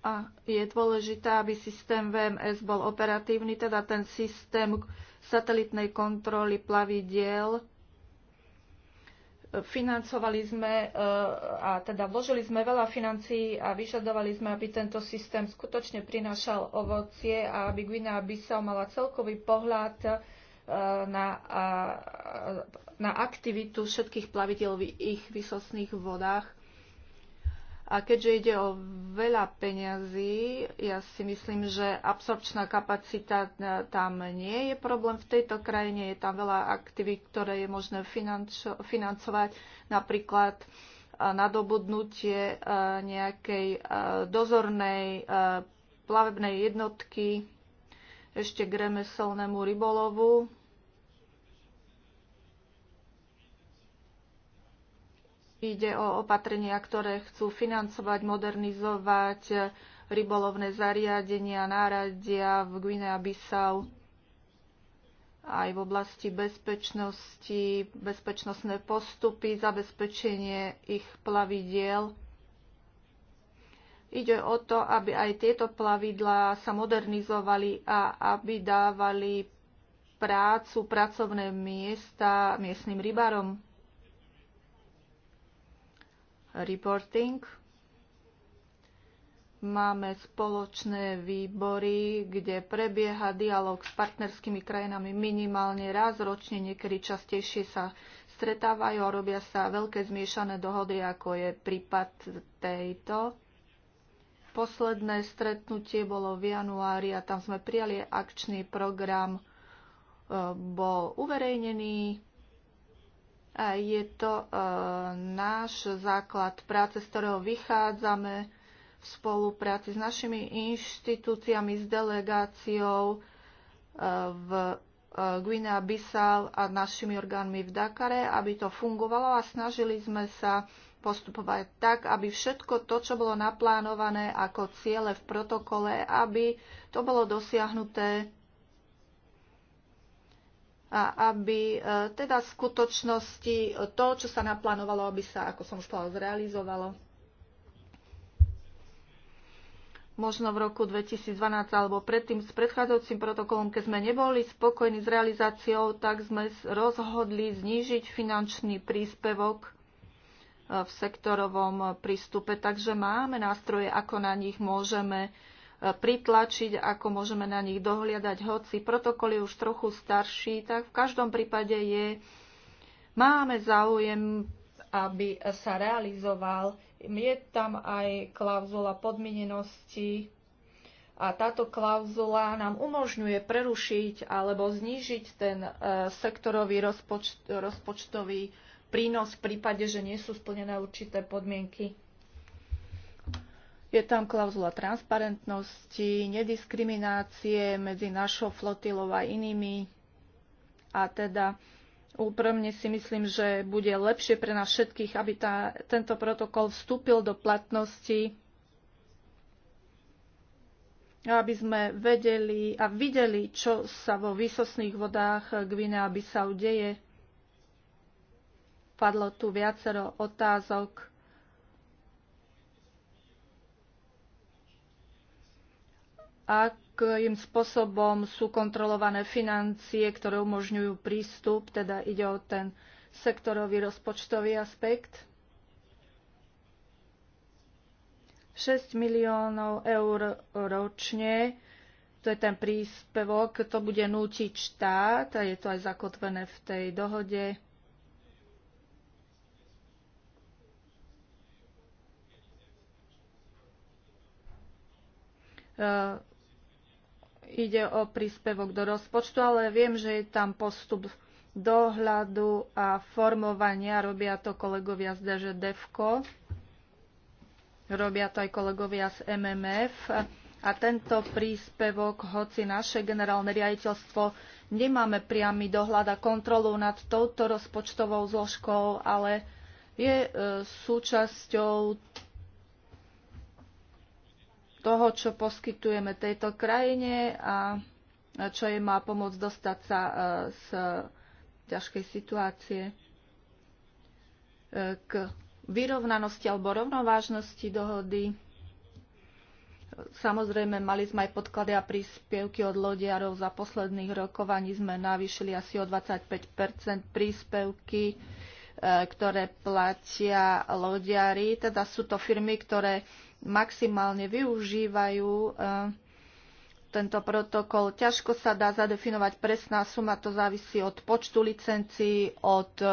a je dôležité, aby systém VMS bol operatívny, teda ten systém satelitnej kontroly plavidiel. Financovali sme e, a teda vložili sme veľa financií a vyžadovali sme, aby tento systém skutočne prinášal ovocie a aby by sa mala celkový pohľad e, na, na aktivitu všetkých plavidiel v ich vysosných vodách a keďže ide o veľa peňazí, ja si myslím, že absorpčná kapacita e, tam nie je problém. V tejto krajine je tam veľa aktivít, ktoré je možné financovať, napríklad e, nadobudnutie e, nejakej dozornej plavebnej jednotky ešte k remeselnému rybolovu Ide o opatrenia, ktoré chcú financovať, modernizovať eh, rybolovné zariadenia, náradia v Guinea-Bissau aj v oblasti bezpečnosti, bezpečnostné postupy, zabezpečenie ich plavidiel. Ide o to, aby aj tieto plavidlá sa modernizovali a aby dávali prácu, pracovné miesta miestnym rybárom reporting. Máme spoločné výbory, kde prebieha dialog s partnerskými krajinami minimálne raz ročne, niekedy častejšie sa stretávajú a robia sa veľké zmiešané dohody, ako je prípad tejto. Posledné stretnutie bolo v januári a tam sme prijali akčný program, e, bol uverejnený je to e, náš základ práce, z ktorého vychádzame v spolupráci s našimi inštitúciami, s delegáciou e, v e, Guinea Bissau a našimi orgánmi v Dakare, aby to fungovalo a snažili sme sa postupovať tak, aby všetko to, čo bolo naplánované ako ciele v protokole, aby to bolo dosiahnuté a aby e, teda v skutočnosti to, čo sa naplánovalo, aby sa, ako som už povedala, zrealizovalo. Možno v roku 2012 alebo predtým s predchádzajúcim protokolom, keď sme neboli spokojní s realizáciou, tak sme rozhodli znížiť finančný príspevok e, v sektorovom prístupe. Takže máme nástroje, ako na nich môžeme pritlačiť, ako môžeme na nich dohliadať, hoci protokol je už trochu starší, tak v každom prípade je, máme záujem, aby sa realizoval. Je tam aj klauzula podmienenosti a táto klauzula nám umožňuje prerušiť alebo znížiť ten e, sektorový rozpočtový prínos v prípade, že nie sú splnené určité podmienky. Je tam klauzula transparentnosti, nediskriminácie medzi našou flotilou a inými. A teda úprimne si myslím, že bude lepšie pre nás všetkých, aby tá, tento protokol vstúpil do platnosti aby sme vedeli a videli, čo sa vo výsosných vodách Gvinea Bissau deje. Padlo tu viacero otázok akým spôsobom sú kontrolované financie, ktoré umožňujú prístup, teda ide o ten sektorový rozpočtový aspekt. 6 miliónov eur ročne, to je ten príspevok, to bude nútiť štát a je to aj zakotvené v tej dohode ide o príspevok do rozpočtu, ale viem, že je tam postup dohľadu a formovania. Robia to kolegovia z DŽ DEVKO, robia to aj kolegovia z MMF. A tento príspevok, hoci naše generálne riaditeľstvo nemáme priamy dohľad a kontrolu nad touto rozpočtovou zložkou, ale je e, súčasťou toho, čo poskytujeme tejto krajine a čo jej má pomôcť dostať sa e, z ťažkej situácie e, k vyrovnanosti alebo rovnovážnosti dohody. E, samozrejme, mali sme aj podklady a príspevky od lodiarov. Za posledných rokovaní sme navýšili asi o 25 príspevky, ktoré platia lodiari. Teda sú to firmy, ktoré maximálne využívajú e, tento protokol. Ťažko sa dá zadefinovať presná suma, to závisí od počtu licencií, od e,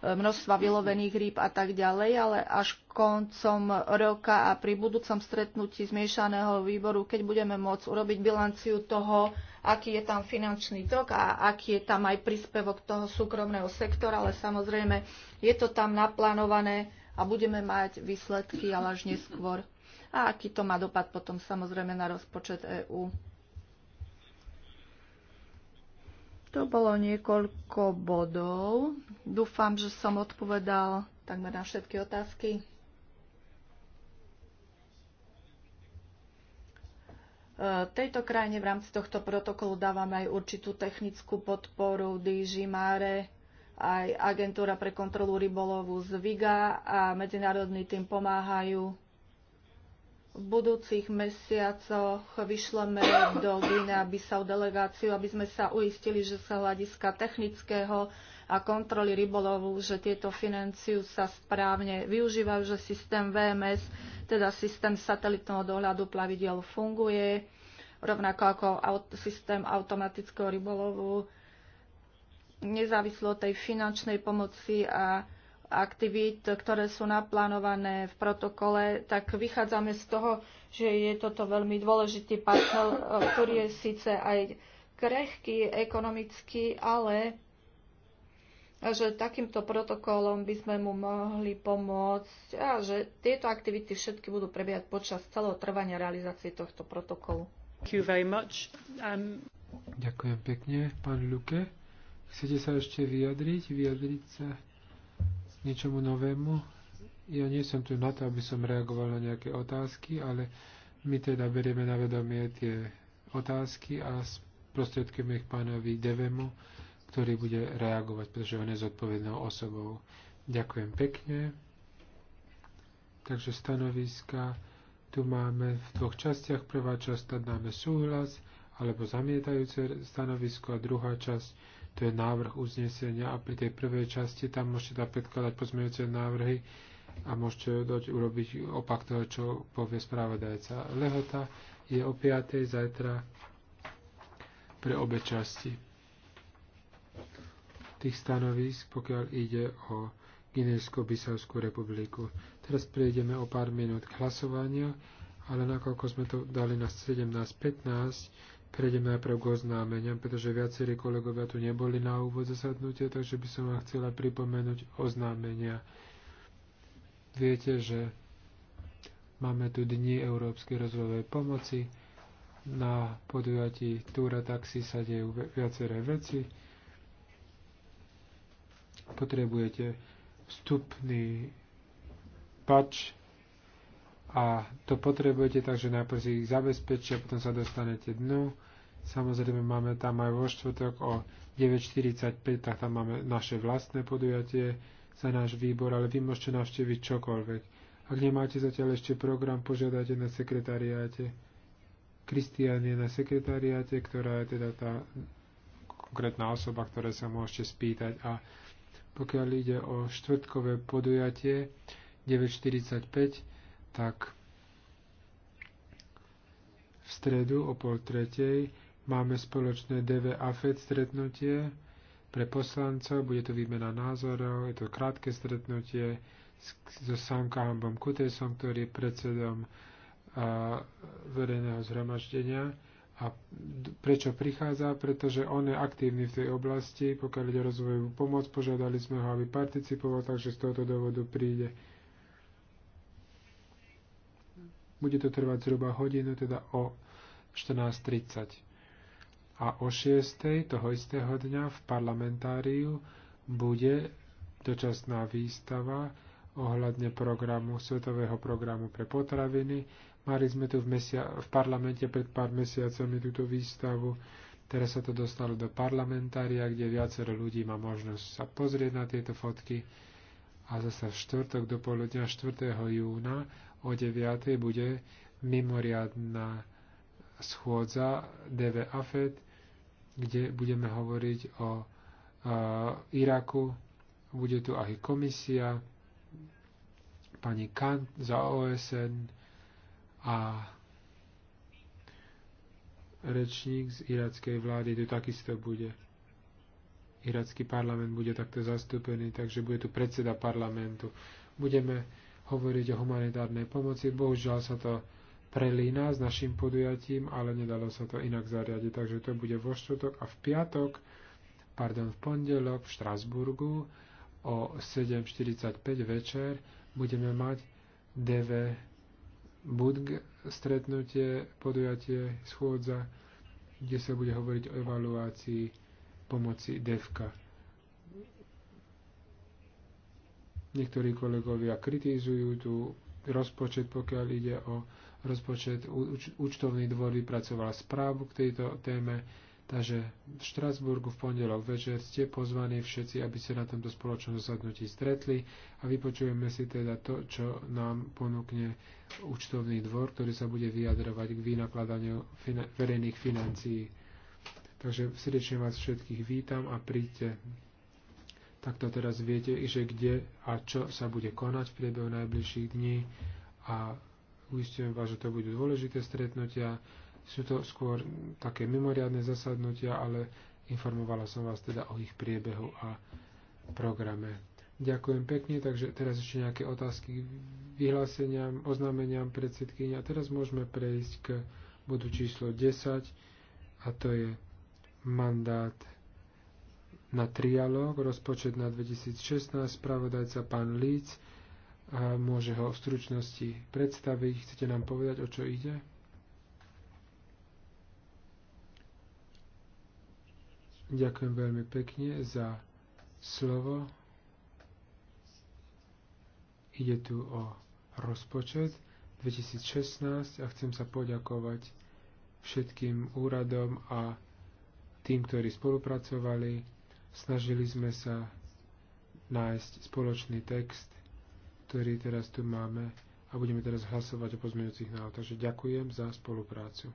množstva vylovených rýb a tak ďalej, ale až koncom roka a pri budúcom stretnutí zmiešaného výboru, keď budeme môcť urobiť bilanciu toho, aký je tam finančný tok a aký je tam aj príspevok toho súkromného sektora, ale samozrejme je to tam naplánované a budeme mať výsledky ale až neskôr a aký to má dopad potom samozrejme na rozpočet EÚ. To bolo niekoľko bodov. Dúfam, že som odpovedal takmer na všetky otázky. E, tejto krajine v rámci tohto protokolu dávame aj určitú technickú podporu DG Mare, aj Agentúra pre kontrolu rybolovu z VIGA a medzinárodný tým pomáhajú v budúcich mesiacoch vyšleme do Gina Bissau delegáciu, aby sme sa uistili, že sa hľadiska technického a kontroly rybolovu, že tieto financiu sa správne využívajú, že systém VMS, teda systém satelitného dohľadu plavidel funguje, rovnako ako systém automatického rybolovu, nezávislo od tej finančnej pomoci a aktivít, ktoré sú naplánované v protokole, tak vychádzame z toho, že je toto veľmi dôležitý partner, eh, ktorý je síce aj krehký ekonomicky, ale že takýmto protokolom by sme mu mohli pomôcť a že tieto aktivity všetky budú prebiehať počas celého trvania realizácie tohto protokolu. Um... Ďakujem pekne, pán Luke. Chcete sa ešte vyjadriť? Vyjadriť sa niečomu novému. Ja nie som tu na to, aby som reagoval na nejaké otázky, ale my teda berieme na vedomie tie otázky a sprostredkujeme ich pánovi Devemu, ktorý bude reagovať, pretože on je zodpovednou osobou. Ďakujem pekne. Takže stanoviska tu máme v dvoch častiach. Prvá časť tam dáme súhlas alebo zamietajúce stanovisko a druhá časť to je návrh uznesenia a pri tej prvej časti tam môžete dať predkladať pozmeňujúce návrhy a môžete dať urobiť opak toho, čo povie spravodajca. Lehota je o 5. zajtra pre obe časti tých stanovisk, pokiaľ ide o ginejsko bisavskú republiku. Teraz prejdeme o pár minút k hlasovaniu, ale nakoľko sme to dali na 17.15, Prejdem najprv k oznámeniam, pretože viacerí kolegovia tu neboli na úvod zasadnutia, takže by som vám chcela pripomenúť oznámenia. Viete, že máme tu Dni Európskej rozvojovej pomoci. Na podujatí Túra Taxi sa dejú viaceré veci. Potrebujete vstupný pač a to potrebujete, takže najprv si ich zabezpečia, potom sa dostanete dnu. Samozrejme máme tam aj vo štvrtok o 9.45, tak tam máme naše vlastné podujatie za náš výbor, ale vy môžete navštíviť čokoľvek. Ak nemáte zatiaľ ešte program, požiadajte na sekretariáte. Kristián je na sekretariáte, ktorá je teda tá konkrétna osoba, ktoré sa môžete spýtať. A pokiaľ ide o štvrtkové podujatie 945, tak v stredu o pol tretej máme spoločné DV AFED stretnutie pre poslancov, bude to výmena názorov, je to krátke stretnutie so Sankahambom Kutesom, ktorý je predsedom a, verejného zhromaždenia. A prečo prichádza? Pretože on je aktívny v tej oblasti, pokiaľ ide o rozvojovú pomoc, požiadali sme ho, aby participoval, takže z tohoto dôvodu príde. Bude to trvať zhruba hodinu, teda o 14.30. A o 6.00 toho istého dňa v parlamentáriu bude dočasná výstava ohľadne programu, svetového programu pre potraviny. Mali sme tu v, mesia- v parlamente pred pár mesiacami túto výstavu. Teraz sa to dostalo do parlamentária, kde viacero ľudí má možnosť sa pozrieť na tieto fotky. A zase v štvrtok do poludňa 4. júna o 9. bude mimoriadná schôdza DV AFED, kde budeme hovoriť o Iraku. Bude tu aj komisia, pani Kant za OSN a rečník z irackej vlády tu takisto bude. Iracký parlament bude takto zastúpený, takže bude tu predseda parlamentu. Budeme hovoriť o humanitárnej pomoci. Bohužiaľ sa to prelína s našim podujatím, ale nedalo sa to inak zariadiť. Takže to bude vo štvrtok a v piatok, pardon, v pondelok v Štrasburgu o 7.45 večer budeme mať DV Budg stretnutie, podujatie, schôdza, kde sa bude hovoriť o evaluácii pomoci DEVKA. Niektorí kolegovia kritizujú tu rozpočet, pokiaľ ide o rozpočet. Úč- účtovný dvor vypracoval správu k tejto téme, takže v Štrasburgu v pondelok večer ste pozvaní všetci, aby ste na tomto spoločnom zasadnutí stretli a vypočujeme si teda to, čo nám ponúkne účtovný dvor, ktorý sa bude vyjadrovať k vynakladaniu fina- verejných financií. Takže srdečne vás všetkých vítam a príďte takto teraz viete, že kde a čo sa bude konať v priebehu najbližších dní a uistujem vás, že to budú dôležité stretnutia. Sú to skôr také mimoriadne zasadnutia, ale informovala som vás teda o ich priebehu a programe. Ďakujem pekne, takže teraz ešte nejaké otázky vyhláseniam, oznámeniam a Teraz môžeme prejsť k bodu číslo 10 a to je mandát na trialog rozpočet na 2016, spravodajca pán Líc a môže ho v stručnosti predstaviť. Chcete nám povedať, o čo ide? Ďakujem veľmi pekne za slovo. Ide tu o rozpočet 2016 a chcem sa poďakovať všetkým úradom a tým, ktorí spolupracovali Snažili sme sa nájsť spoločný text, ktorý teraz tu máme a budeme teraz hlasovať o pozmeňujúcich návrhoch. Takže ďakujem za spoluprácu.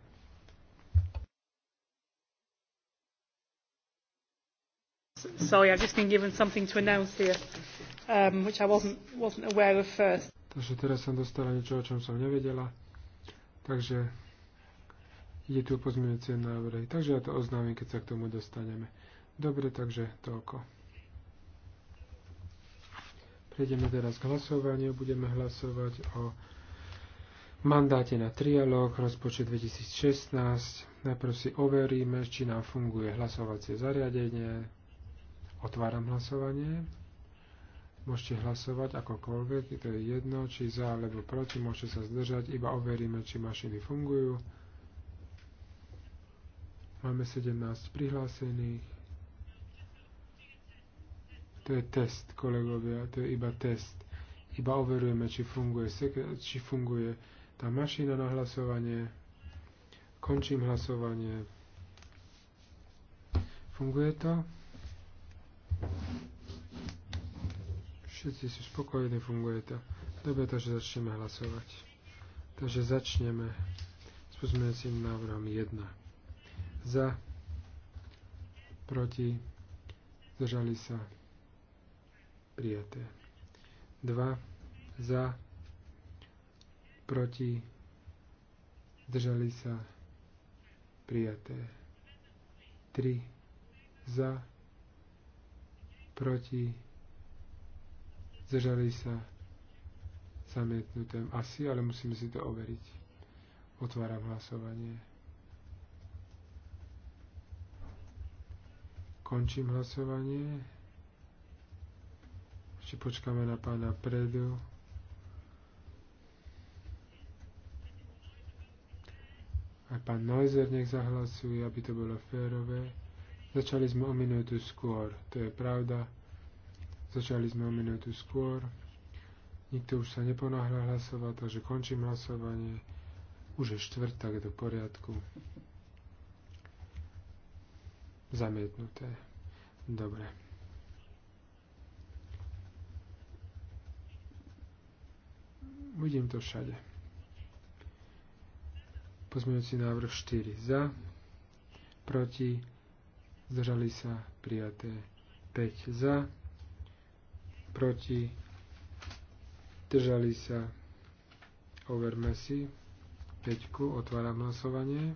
Sorry, I've just been given something to announce here, um, which I wasn't, wasn't aware of first. Takže teraz som dostala niečo, o čom som nevedela. Takže ide tu o pozmeňujúce návrhy. Takže ja to oznámim, keď sa k tomu dostaneme. Dobre, takže toľko. Prejdeme teraz k hlasovaniu. Budeme hlasovať o mandáte na trialog, rozpočet 2016. Najprv si overíme, či nám funguje hlasovacie zariadenie. Otváram hlasovanie. Môžete hlasovať akokoľvek, to je jedno, či za alebo proti, môžete sa zdržať, iba overíme, či mašiny fungujú. Máme 17 prihlásených. To je test, kolegovia, to je iba test. Iba overujeme, či funguje, či funguje tá mašina na hlasovanie. Končím hlasovanie. Funguje to? Všetci sú spokojní, funguje to. Dobre, takže začneme hlasovať. Takže začneme s pozmeňujúcim návrhom 1. Za, proti, zdržali sa, prijaté. 2 za, proti, držali sa, prijaté. 3 za, proti, držali sa, zamietnuté. Asi, ale musíme si to overiť. Otváram hlasovanie. Končím hlasovanie. Ešte počkáme na pána Predu. Aj pán Neuser nech zahlasuje, aby to bolo férové. Začali sme o minútu skôr, to je pravda. Začali sme o minútu skôr. Nikto už sa neponáhľa hlasovať, takže končím hlasovanie. Už je štvrtak do poriadku. Zamietnuté. Dobre. Vidím to všade. Pozmeňujúci návrh 4 za, proti, zdržali sa prijaté 5 za, proti, zdržali sa, overme si, 5, otváram hlasovanie,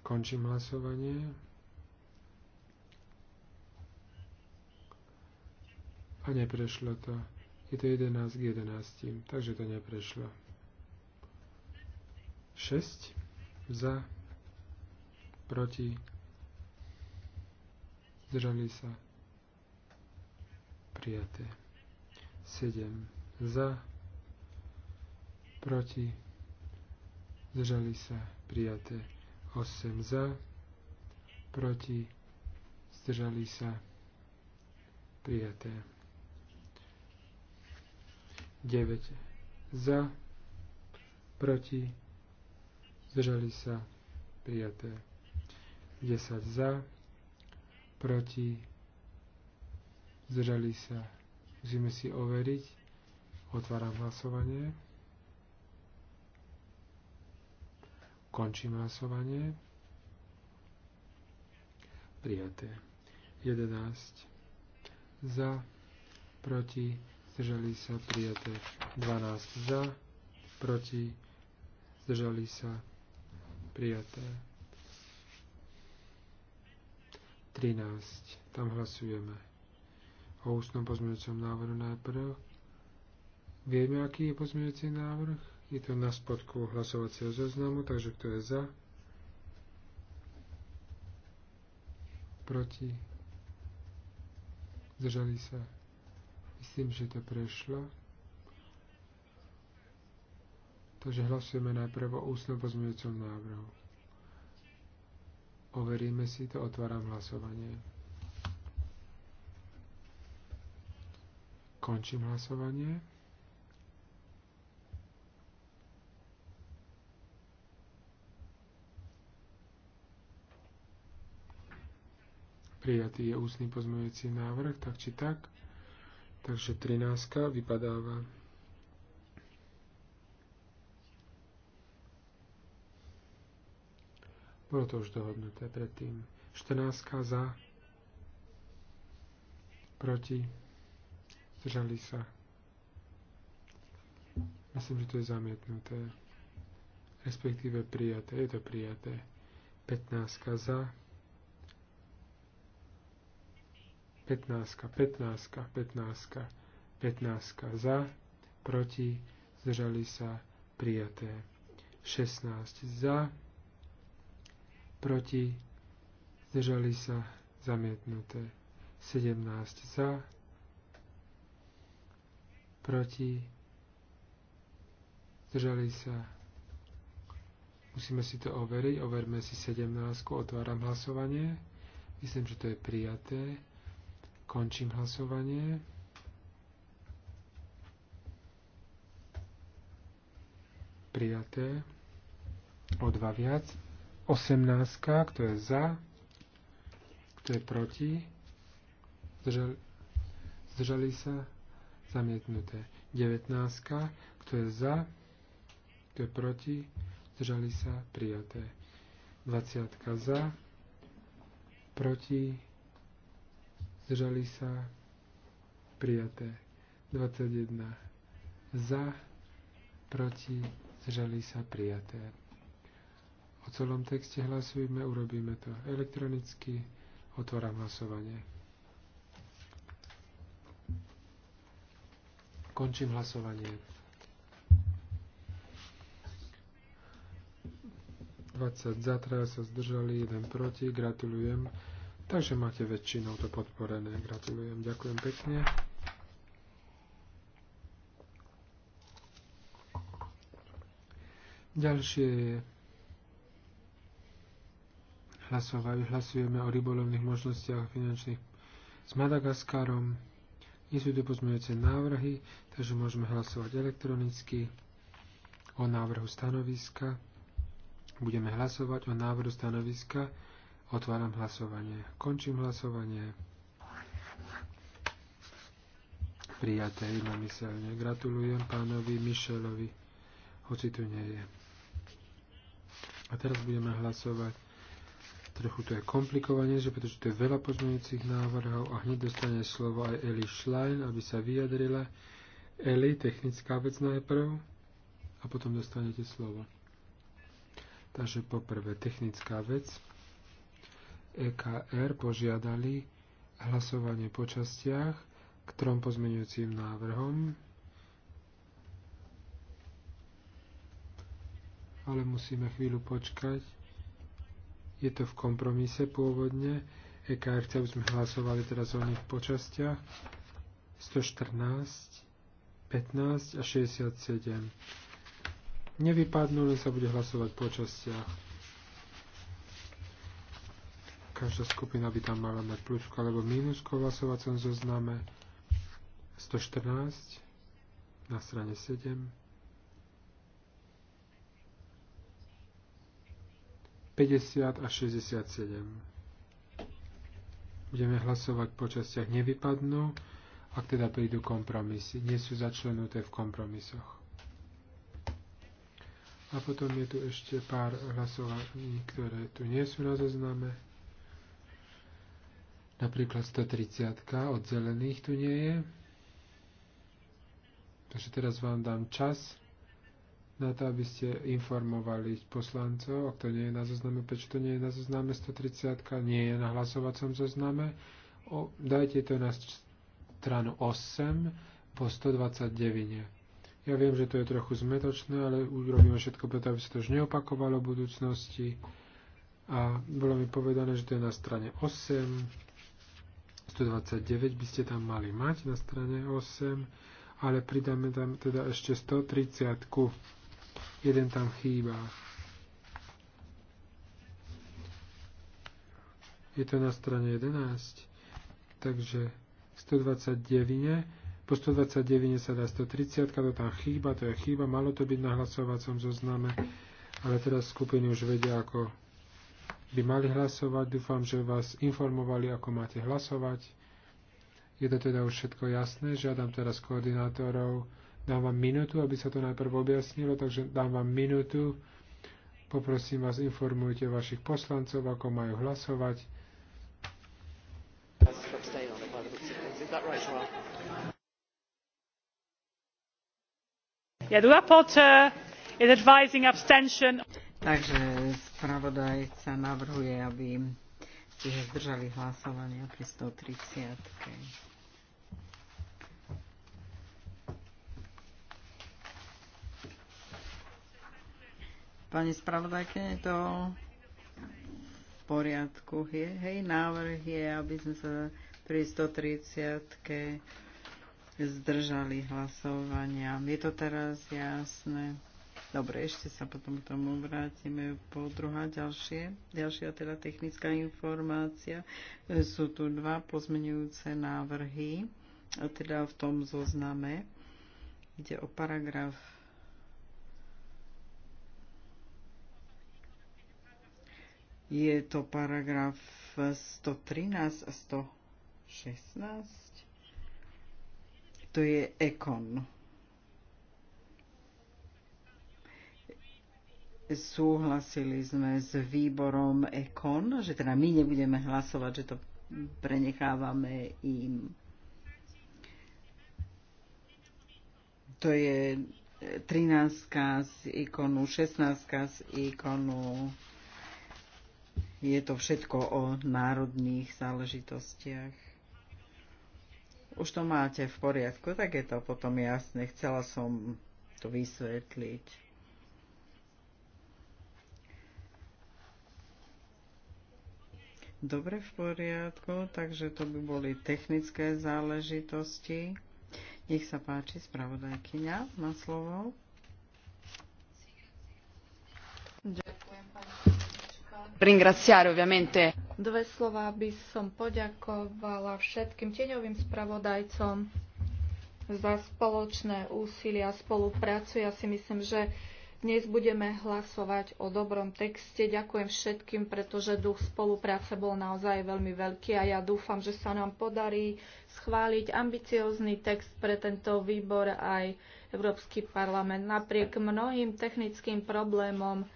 končím hlasovanie, A neprešlo to. Je to 11 k 11, takže to neprešlo. 6 za, proti, zdržali sa, prijaté. 7 za, proti, zdržali sa, prijaté. 8 za, proti, zdržali sa, prijaté. 9 za, proti, zdržali sa, prijaté. 10 za, proti, zdržali sa. Musíme si overiť. Otváram hlasovanie. Končím hlasovanie. Prijaté. 11 za, proti, zdržali sa prijaté 12 za, proti, zdržali sa prijaté 13. Tam hlasujeme o ústnom pozmeňujúcom návrhu najprv. Vieme, aký je pozmeňujúci návrh? Je to na spodku hlasovacieho zoznamu, takže kto je za? Proti? Zdržali sa? Myslím, že to prešlo. Takže hlasujeme najprv o ústnom pozmeňujúcom návrhu. Overíme si to, otváram hlasovanie. Končím hlasovanie. Prijatý je ústny pozmeňujúci návrh, tak či tak. Takže 13 vypadáva. Bolo to už dohodnuté predtým. 14 za, proti, zdržali sa. Myslím, že to je zamietnuté, respektíve prijaté. Je to prijaté. 15 za, 15, 15, 15, 15 za, proti, zdržali sa, prijaté. 16 za, proti, zdržali sa, zamietnuté. 17 za, proti, zdržali sa. Musíme si to overiť, overme si 17, otváram hlasovanie. Myslím, že to je prijaté. Končím hlasovanie. Prijaté. O dva viac. Osemnáctka, kto je za, kto je proti. Zdržali, zdržali sa. Zamietnuté. Devetnáctka, kto je za, kto je proti. Zdržali sa. Prijaté. 20 za, proti zdržali sa, prijaté. 21 za, proti, zdržali sa, prijaté. O celom texte hlasujeme, urobíme to elektronicky, otváram hlasovanie. Končím hlasovanie. 20 za, 3 sa zdržali, 1 proti. Gratulujem Takže máte väčšinou to podporené. Gratulujem, ďakujem pekne. Ďalšie je hlasujeme o rybolovných možnostiach finančných s Madagaskarom. Nie sú tu pozmeňujúce návrhy, takže môžeme hlasovať elektronicky o návrhu stanoviska. Budeme hlasovať o návrhu stanoviska Otváram hlasovanie. Končím hlasovanie. Prijaté jednomyselne. Gratulujem pánovi Mišelovi, hoci tu nie je. A teraz budeme hlasovať. Trochu to je komplikovanejšie, pretože to je veľa pozmeňujúcich návrhov a hneď dostane slovo aj Eli Schlein, aby sa vyjadrila. Eli, technická vec najprv a potom dostanete slovo. Takže poprvé technická vec. EKR požiadali hlasovanie po častiach k trom pozmeňujúcim návrhom, ale musíme chvíľu počkať. Je to v kompromise pôvodne. EKR chce, aby sme hlasovali teraz o nich po častiach. 114, 15 a 67. Nevypadnú, len sa bude hlasovať po častiach. Každá skupina by tam mala mať plusko alebo mínusko v hlasovacom zozname. 114 na strane 7. 50 a 67. Budeme hlasovať po častiach nevypadnú, ak teda prídu kompromisy. Nie sú začlenuté v kompromisoch. A potom je tu ešte pár hlasovaní, ktoré tu nie sú na zozname. Napríklad 130 od zelených tu nie je. Takže teraz vám dám čas na to, aby ste informovali poslancov, ak to nie je na zozname, prečo to nie je na zozname 130, nie je na hlasovacom zozname. O, dajte to na stranu 8 po 129. Ja viem, že to je trochu zmetočné, ale urobíme všetko preto, aby sa to už neopakovalo v budúcnosti. A bolo mi povedané, že to je na strane 8. 129 by ste tam mali mať na strane 8, ale pridáme tam teda ešte 130. -ku. Jeden tam chýba. Je to na strane 11. Takže 129, po 129 sa dá 130, to tam chýba, to je chýba, malo to byť na hlasovacom zozname, ale teraz skupiny už vedia, ako by mali hlasovať. Dúfam, že vás informovali, ako máte hlasovať. Je to teda už všetko jasné. Žiadam teraz koordinátorov. Dám vám minútu, aby sa to najprv objasnilo, takže dám vám minútu. Poprosím vás, informujte vašich poslancov, ako majú hlasovať. Yeah, the rapporteur is advising abstention. Takže spravodajca navrhuje, aby ste zdržali hlasovania pri 130. Pani spravodajke, to v poriadku je. Hej, návrh je, aby sme sa pri 130 zdržali hlasovania. Je to teraz jasné. Dobre, ešte sa potom k tomu vrátime. Po druhá, ďalšie, ďalšia teda technická informácia. Sú tu dva pozmenujúce návrhy, teda v tom zozname. Ide o paragraf Je to paragraf 113 a 116. To je ekon. súhlasili sme s výborom EKON, že teda my nebudeme hlasovať, že to prenechávame im. To je 13 z ikonu, 16 z ikonu. Je to všetko o národných záležitostiach. Už to máte v poriadku, tak je to potom jasné. Chcela som to vysvetliť. Dobre, v poriadku, takže to by boli technické záležitosti. Nech sa páči, spravodajkyňa má slovo. Dve slova by som poďakovala všetkým tieňovým spravodajcom za spoločné úsilie a spoluprácu. Ja si myslím, že dnes budeme hlasovať o dobrom texte. Ďakujem všetkým, pretože duch spolupráce bol naozaj veľmi veľký a ja dúfam, že sa nám podarí schváliť ambiciózny text pre tento výbor aj Európsky parlament. Napriek mnohým technickým problémom,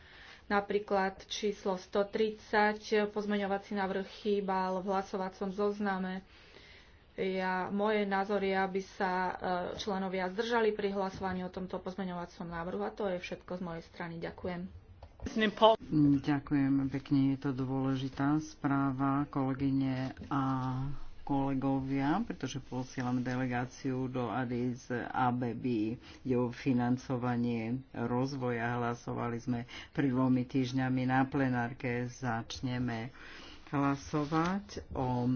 napríklad číslo 130, pozmeňovací návrh chýbal v hlasovacom zozname. Ja, moje názory, aby sa e, členovia zdržali pri hlasovaní o tomto pozmeňovacom návrhu a to je všetko z mojej strany. Ďakujem. Ďakujem pekne, je to dôležitá správa kolegyne a kolegovia, pretože posielam delegáciu do Addis ABB, kde o financovanie rozvoja hlasovali sme pred dvomi týždňami na plenárke. Začneme hlasovať o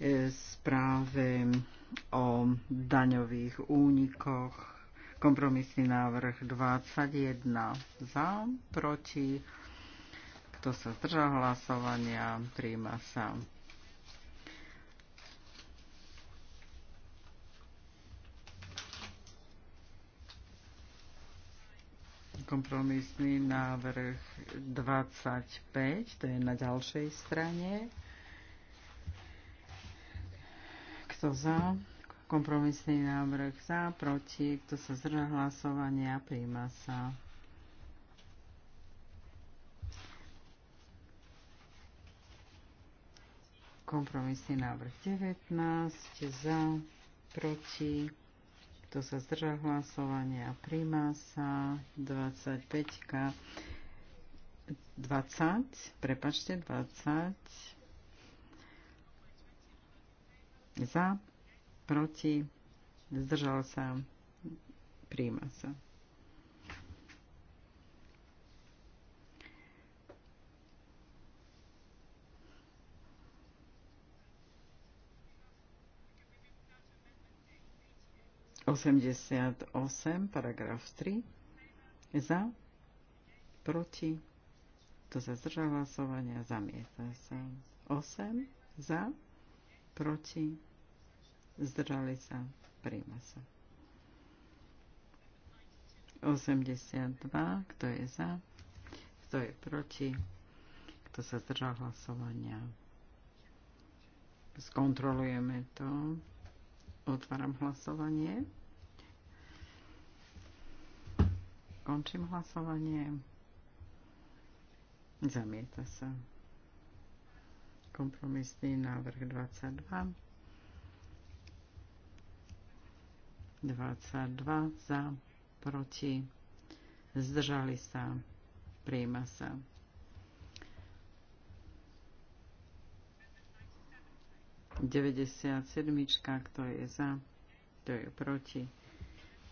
e, správe o daňových únikoch. Kompromisný návrh 21 za, proti. Kto sa zdržal hlasovania, príjma sa. kompromisný návrh 25, to je na ďalšej strane. Kto za? Kompromisný návrh za, proti, kto sa zdržal hlasovania, príjma sa. Kompromisný návrh 19, za, proti, kto sa zdržal hlasovania? Príjma sa 25. 20, prepačte, 20 za, proti, zdržal sa, príjma sa. 88, paragraf 3. Za, proti, to sa zdržal hlasovania, zamieta sa. 8, za, proti, zdržali sa, príjma sa. 82, kto je za, kto je proti, kto sa zdržal hlasovania. Skontrolujeme to. Otváram hlasovanie. Končím hlasovanie. Zamieta sa. Kompromisný návrh 22. 22 za, proti, zdržali sa, príjma sa. 97. Kto je za? Kto je proti?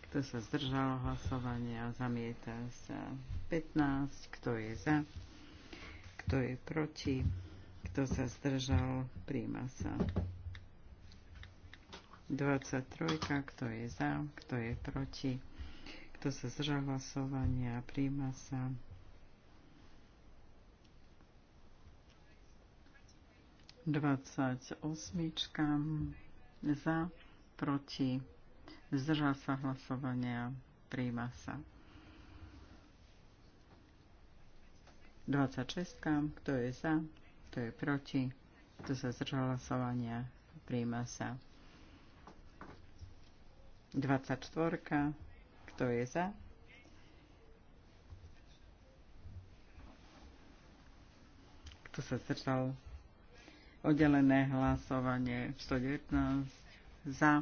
Kto sa zdržal hlasovania? Zamieta sa 15. Kto je za? Kto je proti? Kto sa zdržal? Príjma sa. 23. Kto je za? Kto je proti? Kto sa zdržal hlasovania? Príjma sa. 28 za, proti, zdržal sa hlasovania, príjma sa. 26, kto je za, kto je proti, kto sa zdržal hlasovania, príjma sa. 24, kto je za, kto sa zdržal Oddelené hlasovanie 119 za.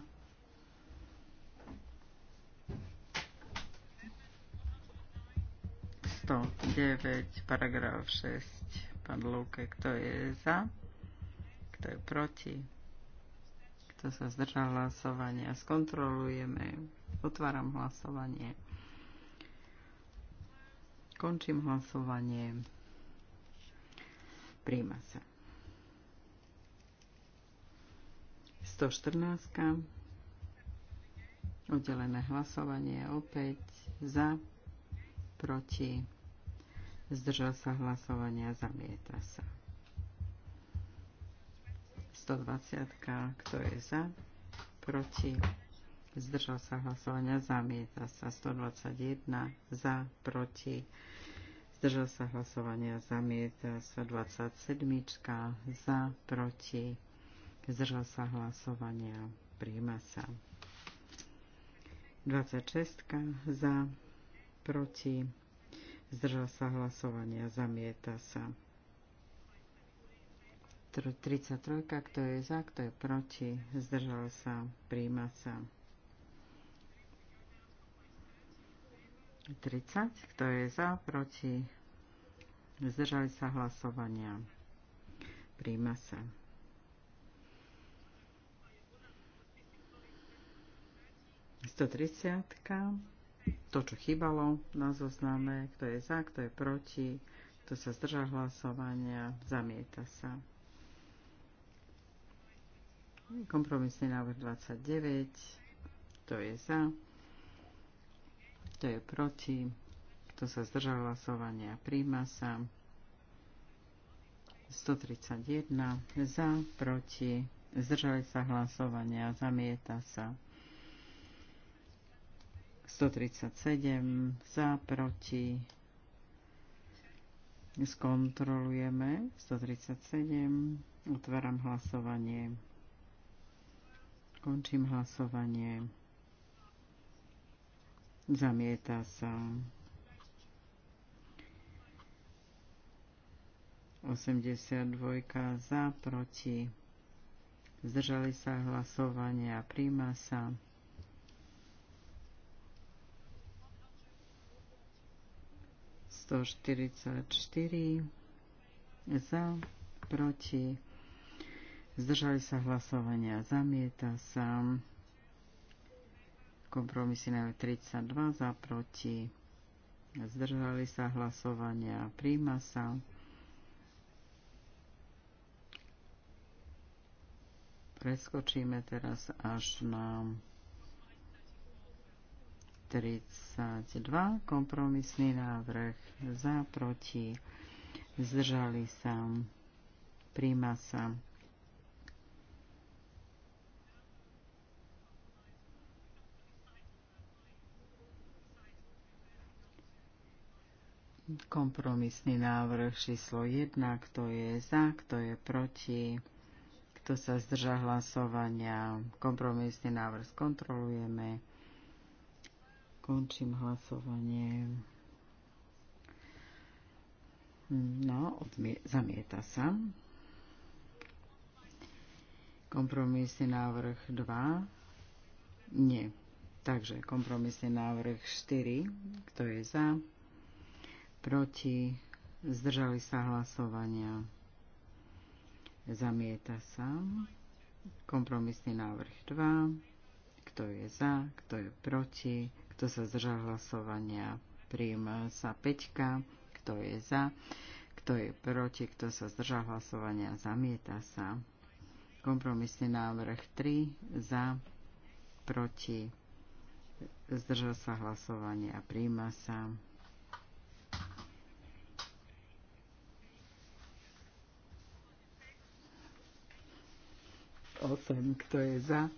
To 9, paragraf 6, pán Lúke, kto je za, kto je proti, kto sa zdržal hlasovania, skontrolujeme, otváram hlasovanie, končím hlasovanie, príjma sa. 114. Oddelené hlasovanie opäť za, proti, zdržal sa hlasovania, zamieta sa. 120. Kto je za, proti, zdržal sa hlasovania, zamieta sa. 121. Za, proti, zdržal sa hlasovania, zamieta sa. 27. Za, proti, zdržal sa hlasovania, príjma sa. 26 za, proti, zdržal sa hlasovania, zamieta sa. 33, kto je za, kto je proti, zdržal sa, príjma sa. 30, kto je za, proti, zdržali sa hlasovania, príjma sa. 130. To, čo chýbalo na zozname, kto je za, kto je proti, kto sa zdržal hlasovania, zamieta sa. Kompromisný návrh 29. Kto je za? Kto je proti? Kto sa zdržal hlasovania? Príjma sa. 131. Za, proti. Zdržali sa hlasovania. Zamieta sa. 137 za, proti. Skontrolujeme 137. Otváram hlasovanie. Končím hlasovanie. Zamieta sa. 82 za, proti. Zdržali sa hlasovania. Príjma sa. 144 za, proti, zdržali sa hlasovania, zamieta sa, kompromisy na 32 za, proti, zdržali sa hlasovania, príjma sa, preskočíme teraz až na 32, kompromisný návrh za, proti, zdržali sa, príjma sa. Kompromisný návrh číslo 1, kto je za, kto je proti, kto sa zdrža hlasovania. Kompromisný návrh skontrolujeme. Končím hlasovanie. No, zamieta sa. Kompromisný návrh 2. Nie. Takže kompromisný návrh 4. Kto je za? Proti? Zdržali sa hlasovania? Zamieta sa. Kompromisný návrh 2. Kto je za? Kto je proti? Kto sa zdržal hlasovania? Príjma sa peťka, Kto je za? Kto je proti? Kto sa zdržal hlasovania? Zamieta sa. Kompromisný návrh 3. Za? Proti? Zdržal sa hlasovania? Príjma sa. Osem. Kto je za?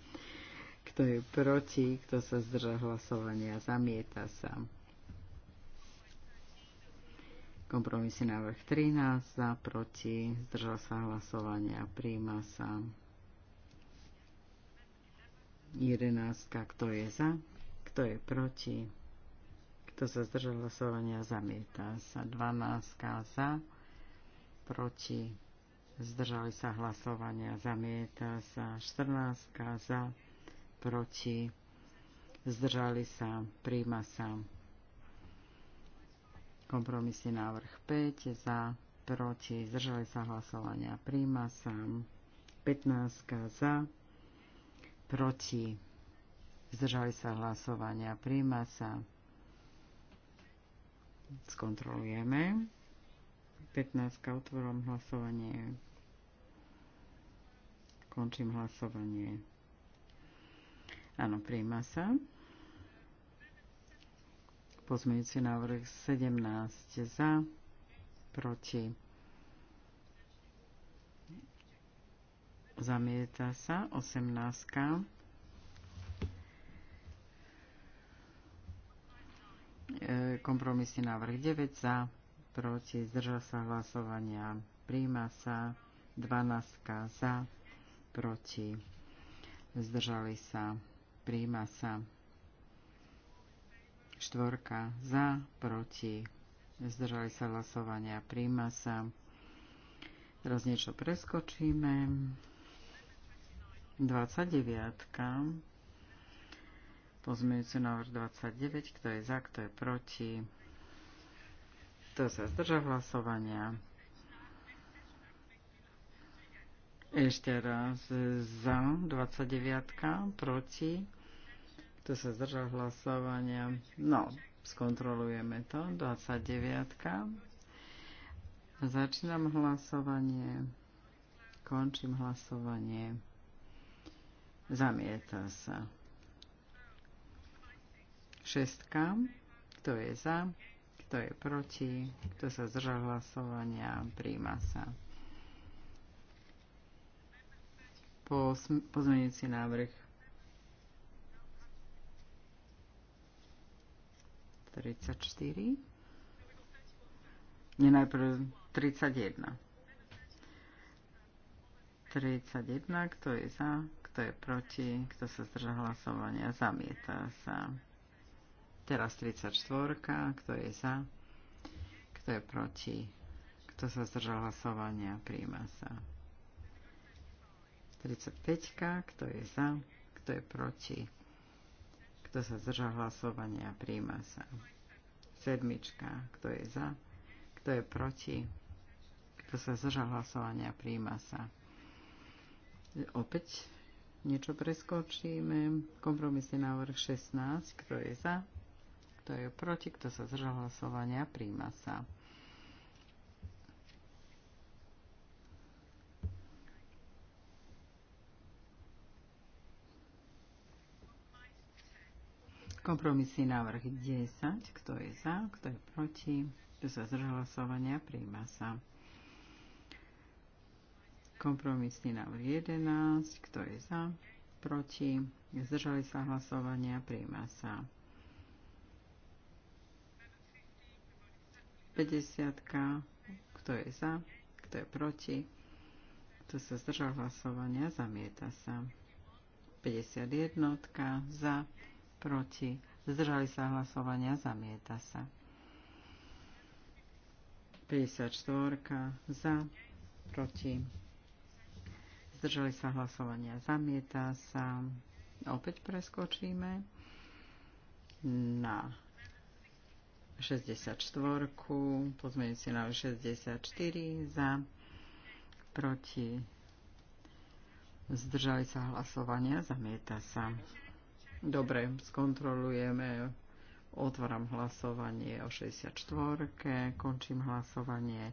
Kto je proti? Kto sa zdržal hlasovania? Zamieta sa. Kompromisný návrh 13 za, proti, zdržal sa hlasovania, príjma sa. 11. Kto je za? Kto je proti? Kto sa zdržal hlasovania, zamieta sa. 12. Za, proti, zdržali sa hlasovania, zamieta sa. 14. Za, proti, zdržali sa, príjma sa. Kompromisný návrh 5 za, proti, zdržali sa hlasovania, príjma sa. 15 za, proti, zdržali sa hlasovania, príjma sa. Skontrolujeme. 15 otvorom hlasovanie. Končím hlasovanie. Áno, príjma sa. Pozmeňujúci návrh 17 za, proti. Zamieta sa 18. E, kompromisný návrh 9 za, proti, zdrža sa hlasovania, príjma sa 12 za, proti, zdržali sa príjma sa. Štvorka za, proti, zdržali sa hlasovania, príjma sa. Teraz niečo preskočíme. 29. Pozmeňujúci návrh 29. Kto je za, kto je proti? Kto sa zdrža hlasovania? Ešte raz za 29. Proti? Kto sa zdržal hlasovania? No, skontrolujeme to. 29. Začínam hlasovanie. Končím hlasovanie. Zamieta sa. Šestka. Kto je za? Kto je proti? Kto sa zdržal hlasovania? Príjma sa. Po, pozmeňujúci návrh 34. Nie najprv 31. 31, kto je za, kto je proti, kto sa zdržal hlasovania, zamieta sa. Teraz 34, kto je za, kto je proti, kto sa zdržal hlasovania, príjma sa. 35, kto je za, kto je proti, kto sa zdržal hlasovania, príjma sa. Sedmička. Kto je za? Kto je proti? Kto sa zdržal hlasovania, príjma sa. Opäť niečo preskočíme. Kompromisný návrh 16. Kto je za? Kto je proti? Kto sa zdržal hlasovania, príjma sa. Kompromisný návrh 10. Kto je za? Kto je proti? Kto sa zdržal hlasovania? Prijíma sa. Kompromisný návrh 11. Kto je za? Proti? Zdržali sa hlasovania? Prijíma sa. 50. Kto je za? Kto je proti? Kto sa zdržal hlasovania? Zamieta sa. 51. Za proti, zdržali sa hlasovania, zamieta sa. 54 za, proti, zdržali sa hlasovania, zamieta sa. Opäť preskočíme na 64, si na 64 za, proti, zdržali sa hlasovania, zamieta sa. Dobre, skontrolujeme. Otváram hlasovanie o 64. Končím hlasovanie.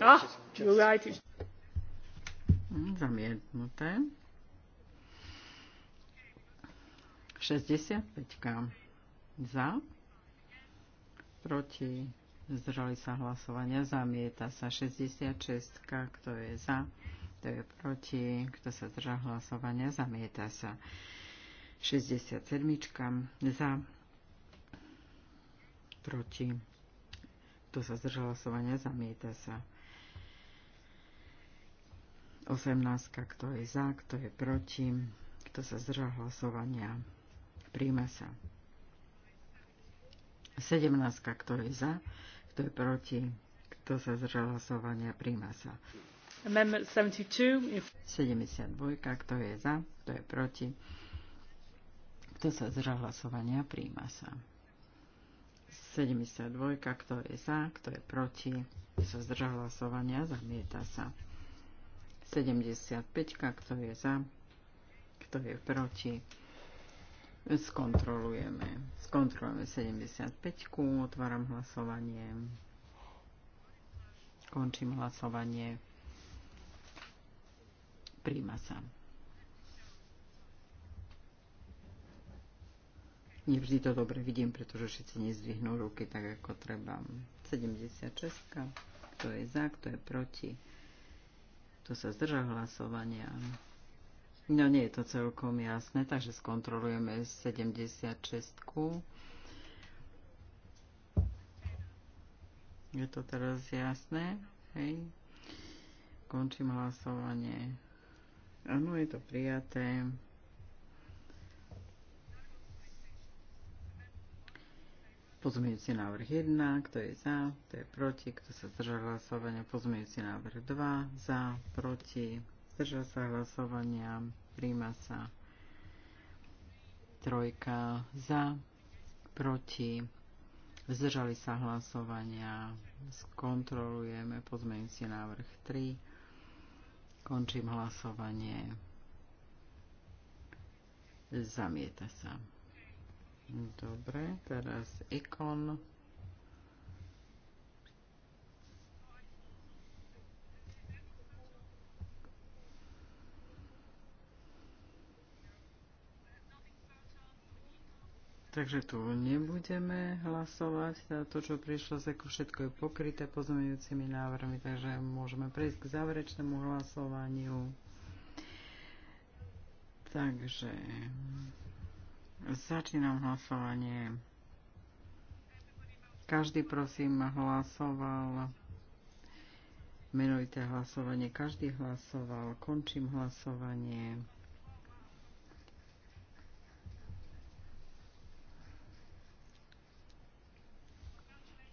Ah, hm, Zamietnuté. 65. Za. Proti. Zdržali sa hlasovania. Zamieta sa 66. Kto je za? Kto je proti? Kto sa zdržal hlasovania? Zamieta sa. 67 za, proti, kto sa zdržal hlasovania, zamieta sa. 18, kto je za, kto je proti, kto sa zdržal hlasovania, príjma sa. 17, kto je za, kto je proti, kto sa zdržal hlasovania, príjma sa. Amendment 72. 72, kto je za, kto je proti, kto sa zdržal hlasovania? Príjma sa. 72. Kto je za? Kto je proti? Kto sa zdržal hlasovania? Zamieta sa. 75. Kto je za? Kto je proti? Skontrolujeme. Skontrolujeme 75. Otváram hlasovanie. Končím hlasovanie. Príjma sa. Nevždy to dobre vidím, pretože všetci nezdvihnú ruky tak, ako treba. 76. Kto je za, kto je proti? Kto sa zdrža hlasovania? No nie je to celkom jasné, takže skontrolujeme 76. Je to teraz jasné? Hej. Končím hlasovanie. Áno, je to prijaté. Pozmeňujúci návrh 1, kto je za, kto je proti, kto sa zdržal hlasovania. Pozmeňujúci návrh 2, za, proti, zdržal sa hlasovania, príjma sa. Trojka za, proti, zdržali sa hlasovania, skontrolujeme pozmeňujúci návrh 3, končím hlasovanie, zamieta sa. Dobre, teraz ikon. Takže tu nebudeme hlasovať. To, čo prišlo z ako všetko je pokryté pozmeňujúcimi návrhmi, takže môžeme prejsť k záverečnému hlasovaniu. Takže Začínam hlasovanie. Každý, prosím, hlasoval. Menujte hlasovanie. Každý hlasoval. Končím hlasovanie.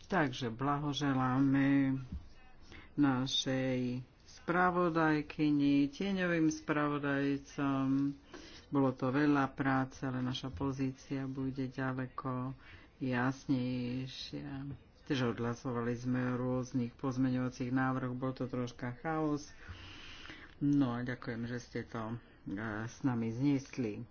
Takže blahoželáme našej spravodajkyni, tieňovým spravodajcom. Bolo to veľa práce, ale naša pozícia bude ďaleko jasnejšia. Tiež odhlasovali sme o rôznych pozmeňovacích návrh, bol to troška chaos. No a ďakujem, že ste to e, s nami zniesli.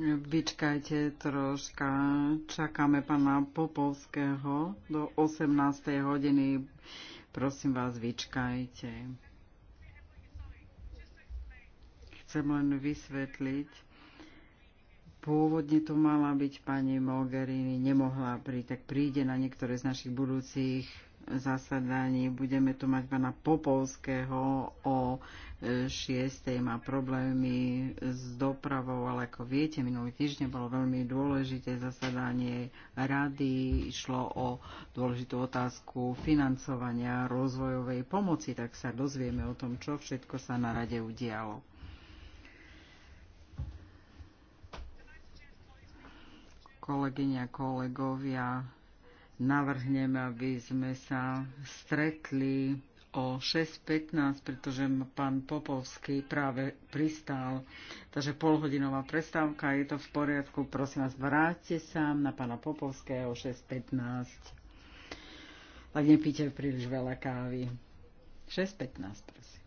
Vyčkajte troška, čakáme pána Popovského do 18. hodiny. Prosím vás, vyčkajte. Chcem len vysvetliť. Pôvodne tu mala byť pani Mogherini, nemohla prísť, tak príde na niektoré z našich budúcich zasadaní. Budeme tu mať pána Popovského o 6. E, má problémy s dopravou, ale ako viete, minulý týždeň bolo veľmi dôležité zasadanie rady. Išlo o dôležitú otázku financovania rozvojovej pomoci, tak sa dozvieme o tom, čo všetko sa na rade udialo. Kolegyňa, kolegovia, navrhnem, aby sme sa stretli o 6.15, pretože pán Popovský práve pristál. Takže polhodinová prestávka, je to v poriadku. Prosím vás, vráťte sa na pána Popovského o 6.15. Tak nepíte príliš veľa kávy. 6.15, prosím.